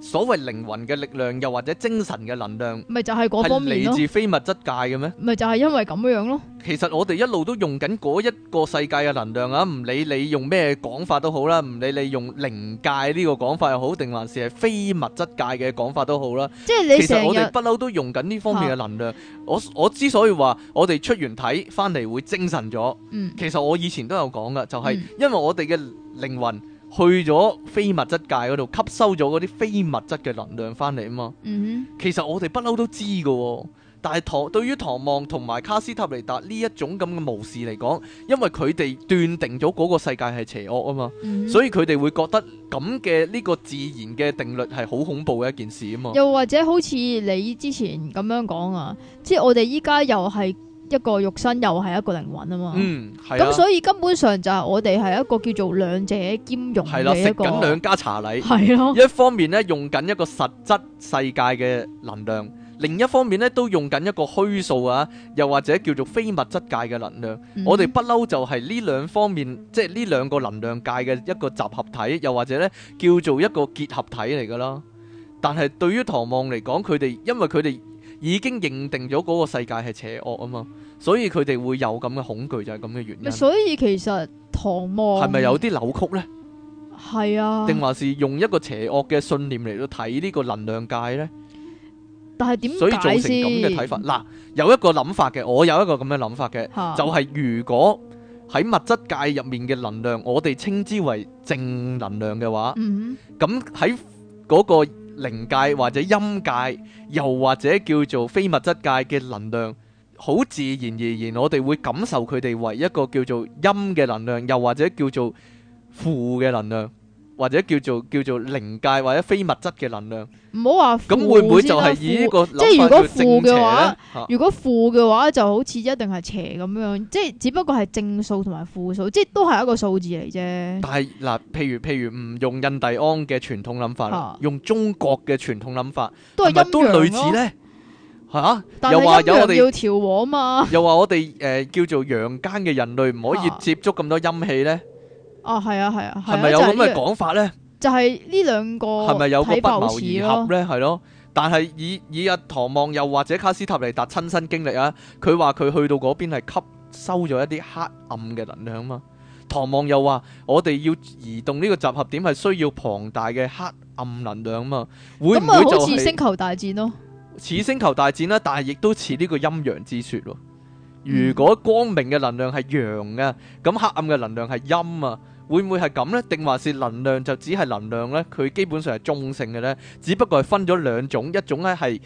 所謂靈魂嘅力量，又或者精神嘅能量，咪就係嗰方面咯。係嚟自非物質界嘅咩？咪就係因為咁樣咯。其實我哋一路都用緊嗰一個世界嘅能量啊，唔理你用咩講法都好啦，唔理你用靈界呢個講法又好，定還是係非物質界嘅講法都好啦。即係你成日，其實我哋不嬲都用緊呢方面嘅能量。我我之所以話我哋出完體返嚟會精神咗，其實我以前都有講㗎，就係因為我哋嘅靈魂。去咗非物質界嗰度吸收咗嗰啲非物質嘅能量翻嚟啊嘛，mm hmm. 其實我哋不嬲都知嘅、哦，但係唐對於唐望同埋卡斯塔尼達呢一種咁嘅巫師嚟講，因為佢哋斷定咗嗰個世界係邪惡啊嘛，mm hmm. 所以佢哋會覺得咁嘅呢個自然嘅定律係好恐怖嘅一件事啊嘛。又或者好似你之前咁樣講啊，即係我哋依家又係。一個肉身又係一個靈魂啊嘛，咁、嗯啊、所以根本上就係我哋係一個叫做兩者兼容嘅一個啊、食緊兩家茶禮，係咯、啊。一方面咧用緊一個實質世界嘅能量，另一方面咧都用緊一個虛數啊，又或者叫做非物質界嘅能量。嗯、哼我哋不嬲就係呢兩方面，即係呢兩個能量界嘅一個集合體，又或者咧叫做一個結合體嚟噶啦。但係對於唐望嚟講，佢哋因為佢哋。已經認定咗嗰個世界係邪惡啊嘛，所以佢哋會有咁嘅恐懼就係咁嘅原因。所以其實唐望係咪有啲扭曲呢？係啊，定還是用一個邪惡嘅信念嚟到睇呢個能量界呢？但係點？所以造成咁嘅睇法嗱，有一個諗法嘅，我有一個咁嘅諗法嘅，就係如果喺物質界入面嘅能量，我哋稱之為正能量嘅話，咁喺嗰個。靈界或者陰界，又或者叫做非物質界嘅能量，好自然而然，我哋會感受佢哋為一個叫做陰嘅能量，又或者叫做負嘅能量。或者叫做叫做靈界或者非物質嘅能量，唔好話咁會唔會就係以個負呢個即係如果負嘅話，啊、如果負嘅話就好似一定係邪咁樣，即係、啊、只不過係正數同埋負數，即係都係一個數字嚟啫。但係嗱、啊，譬如譬如唔用印第安嘅傳統諗法、啊、用中國嘅傳統諗法，都係陰陽咯，是是都類似咧。係、啊、吓？又話有我哋要調和啊嘛？ 又話我哋誒叫做陽間嘅人類唔可以接觸咁多陰氣咧？啊啊啊哦，係啊，係啊，係咪、啊啊、有咁嘅講法呢？就係呢兩個係咪有個不謀而合呢？係咯、啊啊，但係以以阿、啊、唐望又或者卡斯塔尼達親身經歷啊，佢話佢去到嗰邊係吸收咗一啲黑暗嘅能量啊嘛。唐望又話：我哋要移動呢個集合點係需要龐大嘅黑暗能量啊嘛。會唔會好似星球大戰咯？似星球大戰啦，但係亦都似呢個陰陽之說咯、啊。如果光明嘅能量係陽嘅，咁、嗯、黑暗嘅能量係陰啊。會唔會係咁呢？定還是能量就只係能量呢？佢基本上係中性嘅呢，只不過係分咗兩種，一種咧係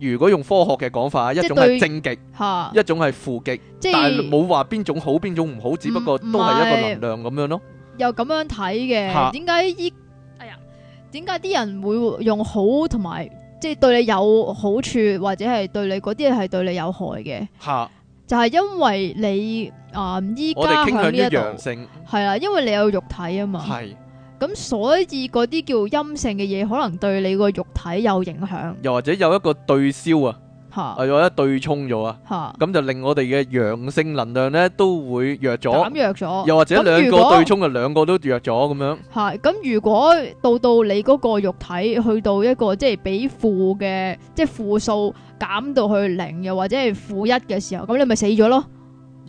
如果用科學嘅講法，一種係正極，一種係負極。即係冇話邊種好邊種唔好，只不過都係一個能量咁樣咯。又咁樣睇嘅，點解依、哎呀，點解啲人會用好同埋即係對你有好處，或者係對你嗰啲係對你有害嘅？吓，就係因為你。啊！依家喺呢一陽性，係啦，因為你有肉體啊嘛，咁是所以嗰啲叫陰性嘅嘢，可能對你個肉體有影響，又或者有一個對消啊，又有啲對沖咗啊，咁、啊啊、就令我哋嘅陽性能量咧都會弱咗，減弱咗，又或者兩個果對沖啊，兩個都弱咗咁樣。係咁，如果到到你嗰個肉體去到一個即係、就是、比負嘅，即係負數減到去零，又或者係負一嘅時候，咁你咪死咗咯。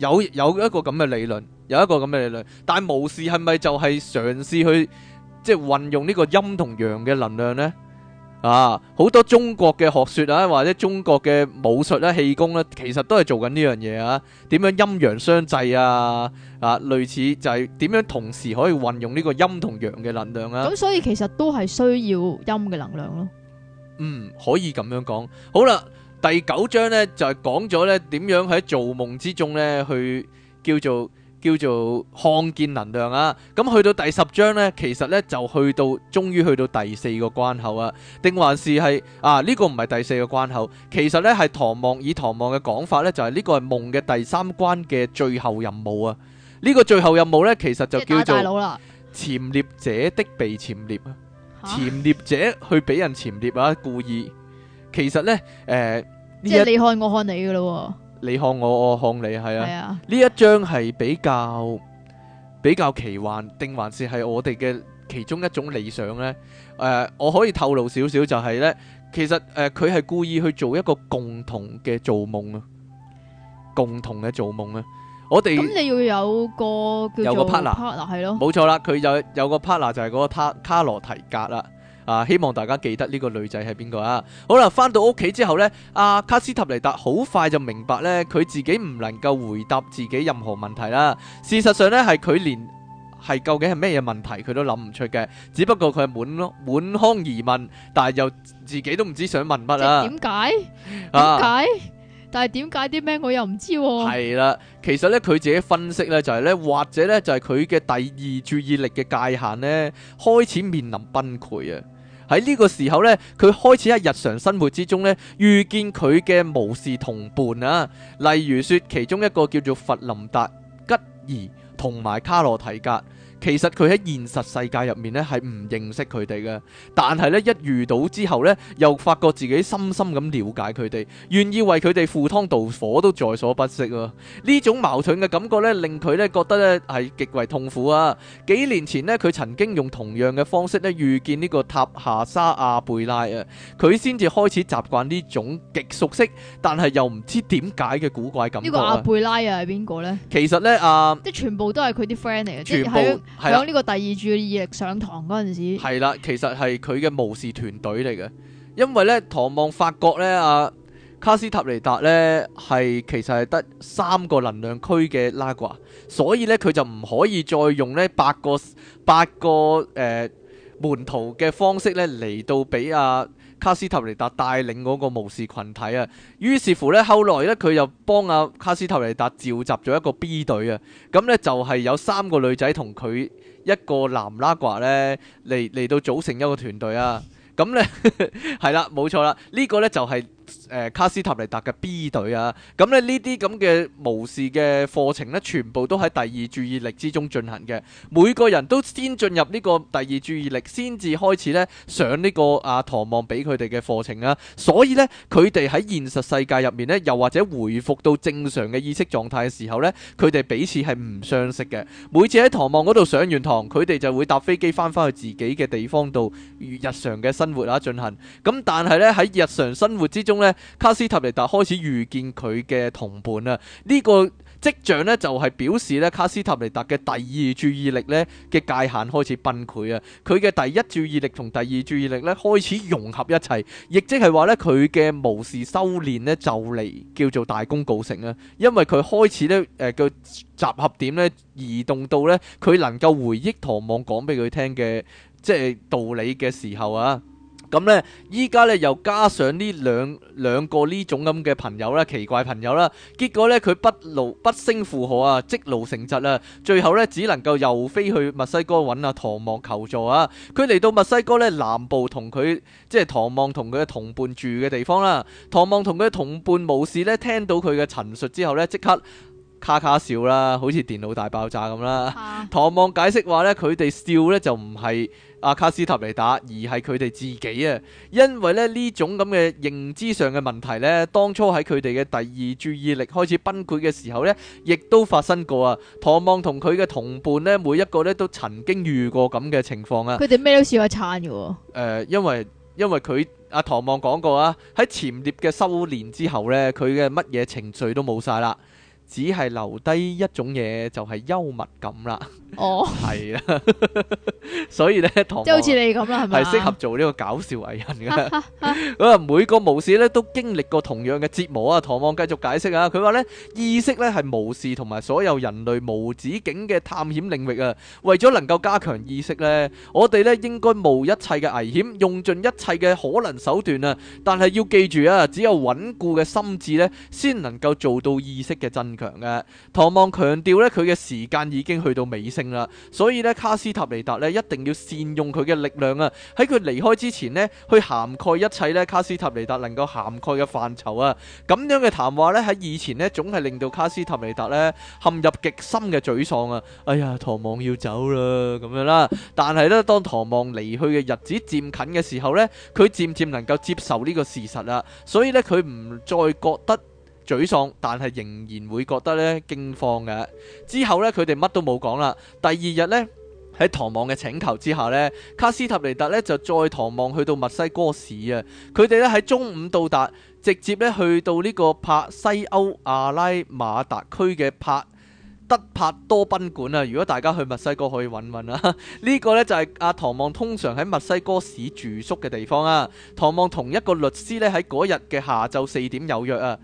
有有一個咁嘅理論，有一個咁嘅理論，但係巫術係咪就係嘗試去即係運用呢個陰同陽嘅能量呢？啊，好多中國嘅學說啊，或者中國嘅武術啦、氣功啦，其實都係做緊呢樣嘢啊，點樣陰陽相濟啊？啊，類似就係點樣同時可以運用呢個陰同陽嘅能量啊？咁所以其實都係需要陰嘅能量咯。嗯，可以咁樣講。好啦。第九章呢，就係講咗呢點樣喺造夢之中呢，去叫做叫做看見能量啊！咁、嗯、去到第十章呢，其實呢，就去到終於去到第四個關口啊！定還是係啊呢、呢個唔係第四個關口，其實呢，係唐望以唐望嘅講法呢，就係、是、呢個係夢嘅第三關嘅最後任務啊！呢、呢個最後任務呢，其實就叫做潛獵者的被潛獵啊！潛獵者去俾人潛獵啊！故意。其實咧，誒、呃，即係你看我，看你噶咯，你看我，我看你，係啊，呢是、啊、一張係比較比較奇幻，定還是係我哋嘅其中一種理想咧？誒、呃，我可以透露少少，就係咧，其實誒，佢、呃、係故意去做一個共同嘅造夢啊，共同嘅造夢啊，我哋咁你要有個叫有個 partner，partner 係咯、啊，冇錯啦，佢有有個 partner 就係嗰個卡卡羅提格啦。啊！希望大家記得呢個女仔係邊個啊！好啦，翻到屋企之後呢，阿、啊、卡斯塔尼達好快就明白呢，佢自己唔能夠回答自己任何問題啦。事實上呢，係佢連係究竟係咩嘢問題，佢都諗唔出嘅。只不過佢係滿滿腔疑問，但係又自己都唔知想問乜啊？點解？點解？啊但係點解啲咩我又唔知、啊？係啦，其實咧佢自己分析咧就係、是、咧，或者咧就係佢嘅第二注意力嘅界限，咧開始面臨崩潰啊！喺呢個時候咧，佢開始喺日常生活之中咧遇見佢嘅無事同伴啊，例如說其中一個叫做弗林達吉兒，同埋卡羅提格。其實佢喺現實世界入面咧係唔認識佢哋嘅，但係咧一遇到之後咧，又發覺自己深深咁了解佢哋，願意為佢哋赴湯蹈火都在所不惜咯。呢種矛盾嘅感覺咧，令佢咧覺得咧係極為痛苦啊！幾年前咧，佢曾經用同樣嘅方式咧遇見呢個塔下沙阿貝拉啊，佢先至開始習慣呢種極熟悉但係又唔知點解嘅古怪感覺。呢個阿貝拉啊係邊個咧？其實咧啊，即係全部都係佢啲 friend 嚟嘅，全部。係講呢個第二注意力上堂嗰陣時，係啦，其實係佢嘅巫士團隊嚟嘅，因為咧，唐望發覺咧，阿、啊、卡斯塔尼達咧係其實係得三個能量區嘅拉瓜，所以咧佢就唔可以再用呢八個八個誒、呃、門徒嘅方式咧嚟到俾阿、啊。卡斯特尼達帶領嗰個武士羣體啊，於是乎呢，後來呢，佢又幫阿卡斯特尼達召集咗一個 B 隊啊，咁呢，就係、是、有三個女仔同佢一個男拉呱呢，嚟嚟到組成一個團隊啊，咁呢，係 啦，冇錯啦，呢、這個呢，就係、是。誒，卡斯塔尼達嘅 B 隊啊，咁咧呢啲咁嘅夢事嘅課程咧，全部都喺第二注意力之中進行嘅。每個人都先進入呢個第二注意力，先至開始咧上呢個啊唐望俾佢哋嘅課程啊。所以咧，佢哋喺現實世界入面咧，又或者回復到正常嘅意識狀態嘅時候咧，佢哋彼此係唔相識嘅。每次喺唐望嗰度上完堂，佢哋就會搭飛機翻返去自己嘅地方度與日常嘅生活啊進行。咁但係咧喺日常生活之中，咧卡斯塔尼達開始遇見佢嘅同伴啊！呢、這個跡象呢，就係表示咧卡斯塔尼達嘅第二注意力咧嘅界限開始崩潰啊！佢嘅第一注意力同第二注意力咧開始融合一齊，亦即係話咧佢嘅巫士修煉咧就嚟叫做大功告成啊！因為佢開始咧誒個集合點咧移動到咧佢能夠回憶唐望講俾佢聽嘅即係道理嘅時候啊！咁呢，依家呢又加上呢兩兩個呢種咁嘅朋友啦，奇怪朋友啦，結果呢，佢不勞不勝負荷啊，積勞成疾啊，最後呢，只能夠又飛去墨西哥揾阿唐望求助啊。佢嚟到墨西哥呢南部同佢即係唐望同佢嘅同伴住嘅地方啦。唐望同佢嘅同伴無事呢，聽到佢嘅陳述之後呢，即刻咔咔笑啦，好似電腦大爆炸咁啦。唐望、啊、解釋話呢，佢哋笑呢就唔係。阿卡斯塔嚟打，而係佢哋自己啊！因為咧呢種咁嘅認知上嘅問題呢，當初喺佢哋嘅第二注意力開始崩潰嘅時候呢，亦都發生過啊！唐望同佢嘅同伴呢，每一個呢都曾經遇過咁嘅情況啊！佢哋咩都試過餐嘅喎。誒、呃，因為因為佢阿唐望講過啊，喺潛獵嘅修煉之後呢，佢嘅乜嘢情緒都冇晒啦，只係留低一種嘢，就係、是、幽默感啦。哦，係啊，所以咧，唐望就好似你咁啦，係咪？係適合做呢個搞笑藝人嘅。咁啊，每個巫師咧都經歷過同樣嘅折磨啊！唐望繼續解釋啊，佢話咧意識咧係巫師同埋所有人類無止境嘅探險領域啊。為咗能夠加強意識咧，我哋咧應該冒一切嘅危險，用盡一切嘅可能手段啊！但係要記住啊，只有穩固嘅心智咧，先能夠做到意識嘅增強嘅。唐望強調咧，佢嘅時間已經去到尾聲。啦，所以咧，卡斯塔尼達咧一定要善用佢嘅力量啊！喺佢離開之前呢，去涵蓋一切咧，卡斯塔尼達能夠涵蓋嘅範疇啊！咁樣嘅談話咧，喺以前呢，總係令到卡斯塔尼達呢陷入極深嘅沮喪啊！哎呀，唐望要走啦，咁樣啦。但係呢，當唐望離去嘅日子漸近嘅時候呢，佢漸漸能夠接受呢個事實啦，啊。所以呢，佢唔再覺得。沮喪，但係仍然會覺得呢驚慌嘅。之後呢，佢哋乜都冇講啦。第二日呢，喺唐望嘅請求之下呢，卡斯塔尼特呢就再唐望去到墨西哥市啊。佢哋呢喺中午到達，直接呢去到呢個帕西歐阿拉馬達區嘅帕德帕多賓館啊。如果大家去墨西哥可以揾揾啊，呢 個呢就係阿唐望通常喺墨西哥市住宿嘅地方啊。唐望同一個律師呢喺嗰日嘅下晝四點有約啊。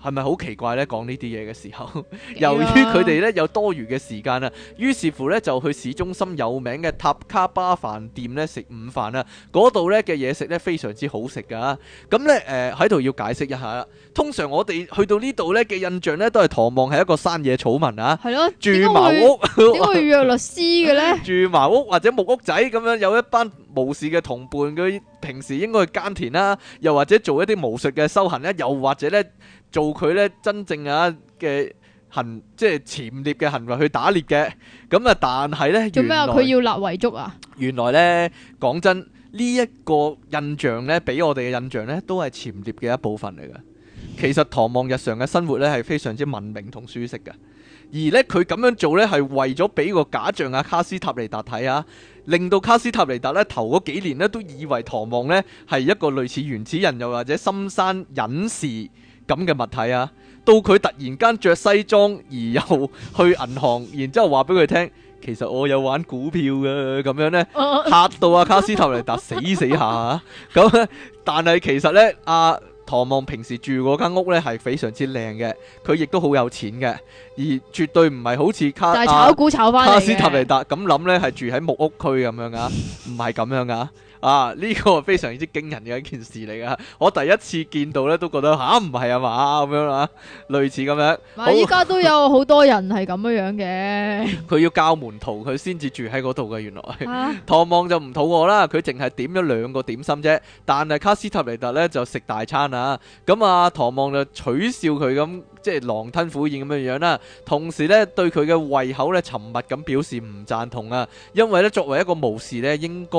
係咪好奇怪呢？講呢啲嘢嘅時候， 由於佢哋呢有多餘嘅時間啦，於是乎呢就去市中心有名嘅塔卡巴飯店呢食午飯啦。嗰度呢嘅嘢食呢非常之好食噶、啊。咁呢，誒喺度要解釋一下啦。通常我哋去到呢度呢嘅印象呢都係唐望係一個山野草民啊。係咯、啊，住茅屋點會， 會約律師嘅呢，住茅屋或者木屋仔咁樣，有一班無事嘅同伴，佢平時應該去耕田啦，又或者做一啲巫術嘅修行啦，又或者呢。做佢咧真正啊嘅行，即係潛獵嘅行為去打獵嘅。咁啊，但係呢，做咩啊？佢要立遺囑啊？原來呢，講真，呢、這、一個印象咧，俾我哋嘅印象咧，都係潛獵嘅一部分嚟噶。其實唐望日常嘅生活咧，係非常之文明同舒適噶。而呢，佢咁樣做呢，係為咗俾個假象啊，卡斯塔尼達睇啊，令到卡斯塔尼達咧頭嗰幾年咧都以為唐望咧係一個類似原始人，又或者深山隱士。咁嘅物體啊，到佢突然間着西裝，而又去銀行，然之後話俾佢聽，其實我有玩股票嘅咁樣呢，嚇到阿卡斯泰尼達死死下。咁，但係其實呢，阿、啊、唐望平時住嗰間屋呢係非常之靚嘅，佢亦都好有錢嘅，而絕對唔係好似卡，、啊、卡斯泰尼達咁諗呢係住喺木屋區咁樣㗎，唔係咁樣㗎。啊！呢、這個非常之驚人嘅一件事嚟噶，我第一次見到咧，都覺得吓唔係啊嘛咁樣啦，類似咁樣。嗱，依家都有好多人係咁樣樣嘅。佢 要交門徒，佢先至住喺嗰度嘅。原來，唐、啊、望就唔肚餓啦，佢淨係點咗兩個點心啫。但係卡斯塔尼特咧就食大餐啊！咁、嗯、啊，唐望就取笑佢咁，即係狼吞虎嚥咁樣樣啦。同時咧，對佢嘅胃口咧，沉默咁表示唔贊同啊。因為咧，作為一個巫士咧，應該。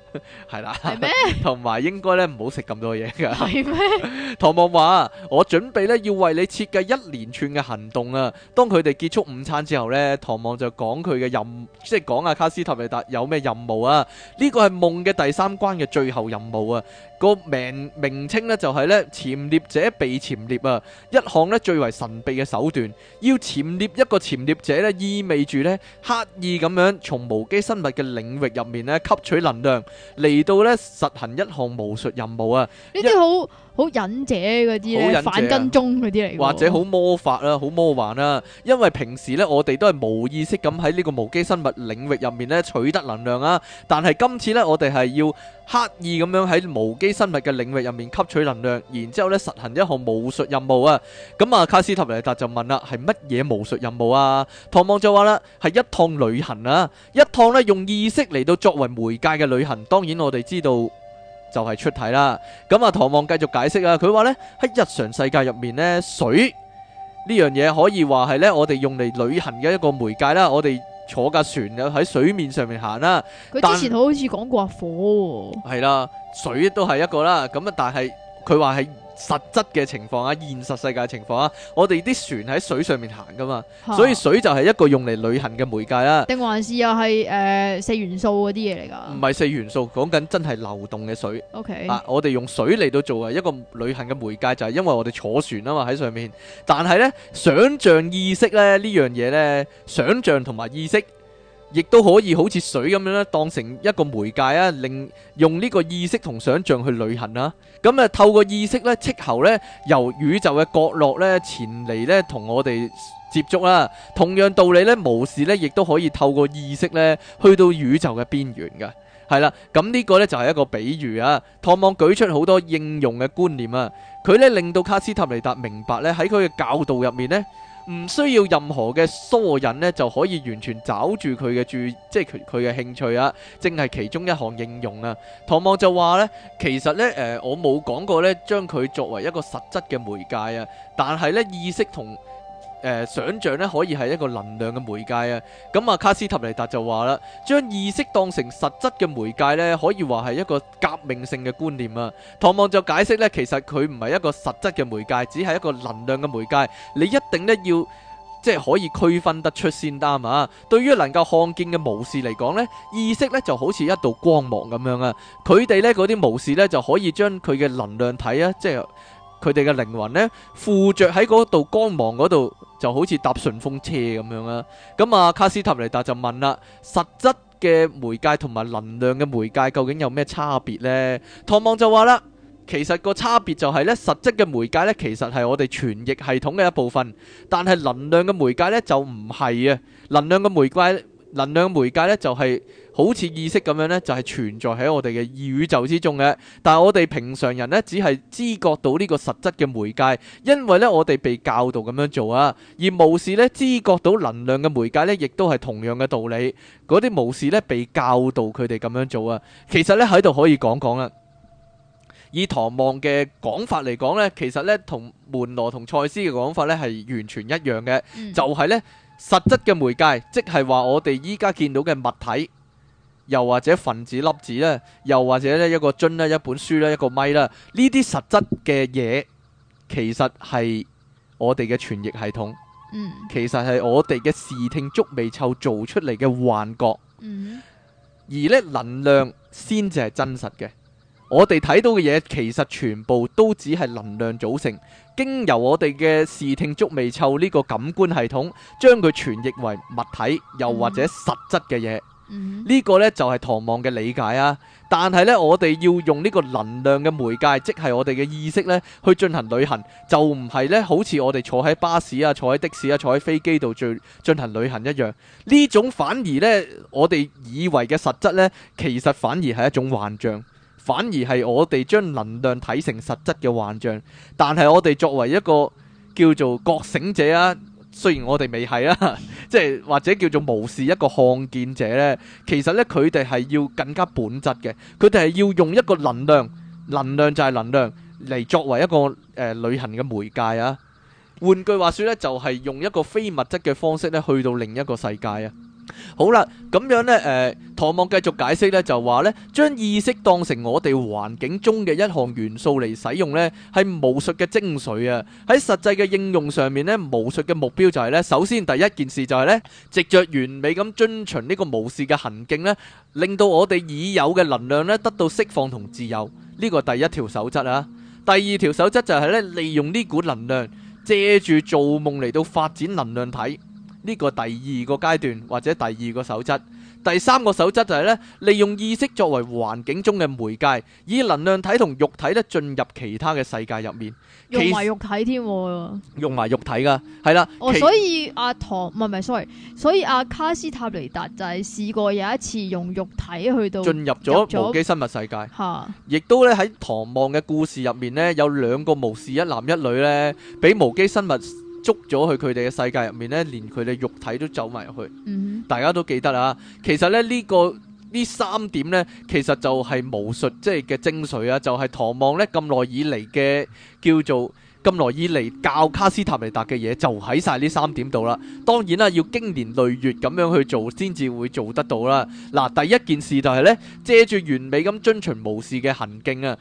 係啦，同埋 應該咧唔好食咁多嘢噶。係咩？唐望話：我準備咧要為你設計一連串嘅行動啊！當佢哋結束午餐之後呢，唐望就講佢嘅任，即係講阿卡斯塔利達有咩任務啊？呢個係夢嘅第三關嘅最後任務啊！個名名稱咧就係咧潛獵者被潛獵啊！一項呢，最為神秘嘅手段，要潛獵一個潛獵者呢，意味住呢，刻意咁樣從無機生物嘅領域入面咧吸取能量。嚟到咧，實行一項巫術任務啊！呢啲好。好忍者嗰啲咧，反跟蹤嗰啲嚟，或者好魔法啦，好魔幻啦。因為平時咧，我哋都係冇意識咁喺呢個無機生物領域入面咧取得能量啊。但係今次咧，我哋係要刻意咁樣喺無機生物嘅領域入面吸取能量，然之後咧實行一項巫術任務啊。咁啊，卡斯塔尼達就問啦，係乜嘢巫術任務啊？唐望就話啦，係一趟旅行啊，一趟咧用意識嚟到作為媒介嘅旅行。當然我哋知道。就係出題啦，咁啊，唐望繼續解釋啊，佢話呢，喺日常世界入面呢，水呢樣嘢可以話係呢，我哋用嚟旅行嘅一個媒介啦，我哋坐架船啊，喺水面上面行啦。佢之前好似講過火，係啦，水都係一個啦，咁啊，但係佢話係。實質嘅情況啊，現實世界情況啊，我哋啲船喺水上面行噶嘛，哈，所以水就係一個用嚟旅行嘅媒介啦。定還是又係誒、呃、四元素嗰啲嘢嚟噶？唔係四元素，講緊真係流動嘅水。OK，啊，我哋用水嚟到做一個旅行嘅媒介，就係因為我哋坐船啊嘛喺上面。但係呢，想象意識呢呢樣嘢呢，想象同埋意識。亦都可以好似水咁樣咧，當成一個媒介啊，令用呢個意識同想象去旅行啊，咁啊，透過意識咧，斥候咧，由宇宙嘅角落咧，前嚟咧，同我哋接觸啦。同樣道理咧，無視咧，亦都可以透過意識咧，去到宇宙嘅邊緣嘅。係啦，咁呢個咧就係一個比喻啊。唐望舉出好多應用嘅觀念啊，佢咧令到卡斯塔尼達明白咧，喺佢嘅教導入面呢。唔需要任何嘅疏引咧，就可以完全找住佢嘅注，即係佢佢嘅興趣啊！正係其中一項應用啊！唐望就話呢：「其實呢，誒、呃，我冇講過呢，將佢作為一個實質嘅媒介啊，但係呢，意識同。誒，想象咧可以係一個能量嘅媒介啊！咁啊，卡斯塔尼達就話啦，將意識當成實質嘅媒介咧，可以話係一個革命性嘅觀念啊。唐望就解釋咧，其實佢唔係一個實質嘅媒介，只係一個能量嘅媒介。你一定咧要即係可以區分得出先得啊！對於能夠看見嘅巫士嚟講咧，意識咧就好似一道光芒咁樣啊！佢哋咧嗰啲巫士咧就可以將佢嘅能量體啊，即係佢哋嘅靈魂咧附着喺嗰道光芒嗰度。就好似搭順風車咁樣啦，咁啊，卡斯塔尼達就問啦，實質嘅媒介同埋能量嘅媒介究竟有咩差別呢？唐望就話啦，其實個差別就係呢，實質嘅媒介呢其實係我哋傳譯系統嘅一部分，但係能量嘅媒介呢就唔係啊，能量嘅媒介，能量媒介呢就係。好似意識咁樣呢，就係存在喺我哋嘅宇宙之中嘅。但係我哋平常人呢，只係知覺到呢個實質嘅媒介，因為呢，我哋被教導咁樣做啊。而巫師呢，知覺到能量嘅媒介呢，亦都係同樣嘅道理。嗰啲巫師呢，被教導佢哋咁樣做啊。其實呢，喺度可以講講啦。以唐望嘅講法嚟講呢，其實呢，同門羅同賽斯嘅講法呢，係完全一樣嘅，就係呢，實質嘅媒介，即係話我哋依家見到嘅物體。又或者分子粒子咧，又或者咧一個樽啦，一本書啦，一個咪啦，呢啲實質嘅嘢，其實係我哋嘅傳譯系統，嗯，其實係我哋嘅視聽觸味嗅做出嚟嘅幻覺，嗯，而咧能量先至係真實嘅，我哋睇到嘅嘢其實全部都只係能量組成，經由我哋嘅視聽觸味嗅呢個感官系統，將佢傳譯為物體，又或者實質嘅嘢。嗯呢個呢，就係唐望嘅理解啊，但係呢，我哋要用呢個能量嘅媒介，即係我哋嘅意識呢，去進行旅行，就唔係呢，好似我哋坐喺巴士啊、坐喺的士啊、坐喺飛機度進進行旅行一樣。呢種反而呢，我哋以為嘅實質呢，其實反而係一種幻象，反而係我哋將能量睇成實質嘅幻象。但係我哋作為一個叫做覺醒者啊。雖然我哋未係啊，即係或者叫做無視一個看見者呢，其實呢，佢哋係要更加本質嘅，佢哋係要用一個能量，能量就係能量嚟作為一個誒、呃、旅行嘅媒介啊。換句話說呢，就係用一個非物質嘅方式呢，去到另一個世界啊。好啦，咁樣咧，誒，唐望繼續解釋咧，就話咧，將意識當成我哋環境中嘅一項元素嚟使用咧，係巫術嘅精髓啊！喺實際嘅應用上面咧，巫術嘅目標就係咧，首先第一件事就係咧，藉著完美咁遵循呢個巫士嘅行徑咧，令到我哋已有嘅能量咧得到釋放同自由，呢個第一條守則啊。第二條守則就係咧，利用呢股能量，借住做夢嚟到發展能量體。呢個第二個階段或者第二個守則，第三個守則就係呢：利用意識作為環境中嘅媒介，以能量體同肉體呢進入其他嘅世界入面。用埋肉體添？用埋肉體㗎，係啦、哦。所以阿、啊、唐唔係 sorry，所以阿、啊、卡斯塔尼達就係試過有一次用肉體去到進入咗無機生物世界。嚇哈！亦都呢，喺《唐望》嘅故事入面呢，有兩個無視一男一女呢，俾無機生物。捉咗去佢哋嘅世界入面呢，連佢哋肉體都走埋入去。Mm hmm. 大家都記得啦、啊，其實咧、這、呢個呢三點呢，其實就係巫術即係嘅精髓啊！就係、是、唐望呢咁耐以嚟嘅叫做咁耐以嚟教卡斯塔尼達嘅嘢，就喺晒呢三點度啦。當然啦、啊，要經年累月咁樣去做，先至會做得到啦。嗱，第一件事就係呢，借住完美咁遵循巫士嘅行徑啊，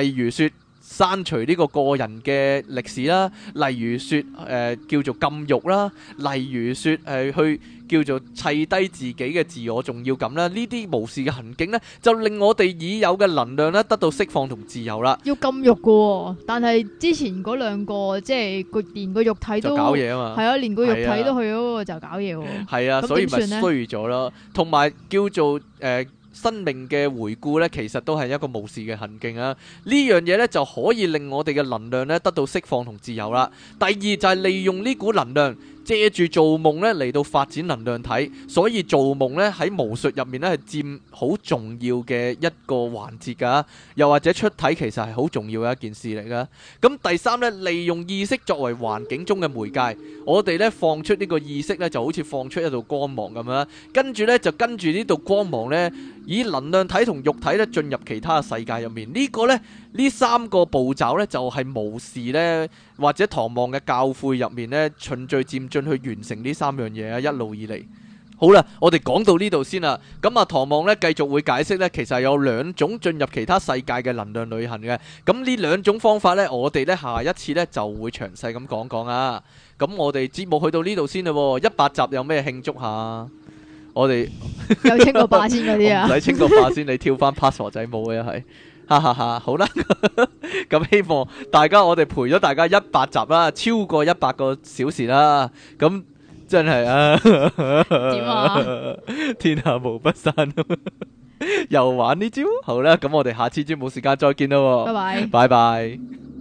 例如說。刪除呢個個人嘅歷史啦，例如説誒叫做禁欲啦，例如説誒去叫做砌低自己嘅自我重要感啦，呢啲無視嘅行徑呢，就令我哋已有嘅能量呢得到釋放同自由啦。要禁欲㗎，但係之前嗰兩個即係個連個肉體都，就搞嘢啊嘛，係啊，連個肉體都去嗰個就搞嘢喎。係啊，所以咪衰咗咯，同埋叫做誒。生命嘅回顧咧，其實都係一個無視嘅痕跡啊！呢樣嘢咧就可以令我哋嘅能量咧得到釋放同自由啦。第二就係利用呢股能量。借住做夢呢來到發展能量體，所以做夢呢喺巫術入面係佔好重要嘅一個環節，又或者出體其實係好重要嘅一件事嚟㗎。咁第三呢，利用意識作為環境中嘅媒介，我哋呢放出呢個意識就好似放出一道光芒咁樣，跟住就跟住呢道光芒以能量體同肉體呢進入其他世界入面，呢個呢三個步驟呢，就係、是、無視呢，或者唐望嘅教誨入面呢，循序漸進去完成呢三樣嘢啊！一路以嚟，好啦，我哋講到呢度先啦。咁啊，唐望呢，繼續會解釋呢，其實有兩種進入其他世界嘅能量旅行嘅。咁呢兩種方法呢，我哋呢，下一次呢，就會詳細咁講講啊。咁我哋節目去到呢度先啦，一百集有咩慶祝下？我哋有 清過霸先嗰啲啊，唔使清過霸先，你跳翻趴傻仔舞嘅係。哈哈哈，好啦，咁 希望大家我哋陪咗大家一百集啦，超過一百個小時啦，咁真係啊！ 天下無不散， 又玩呢招。好啦，咁我哋下次節目時間再見啦。Bye bye. 拜拜，拜拜。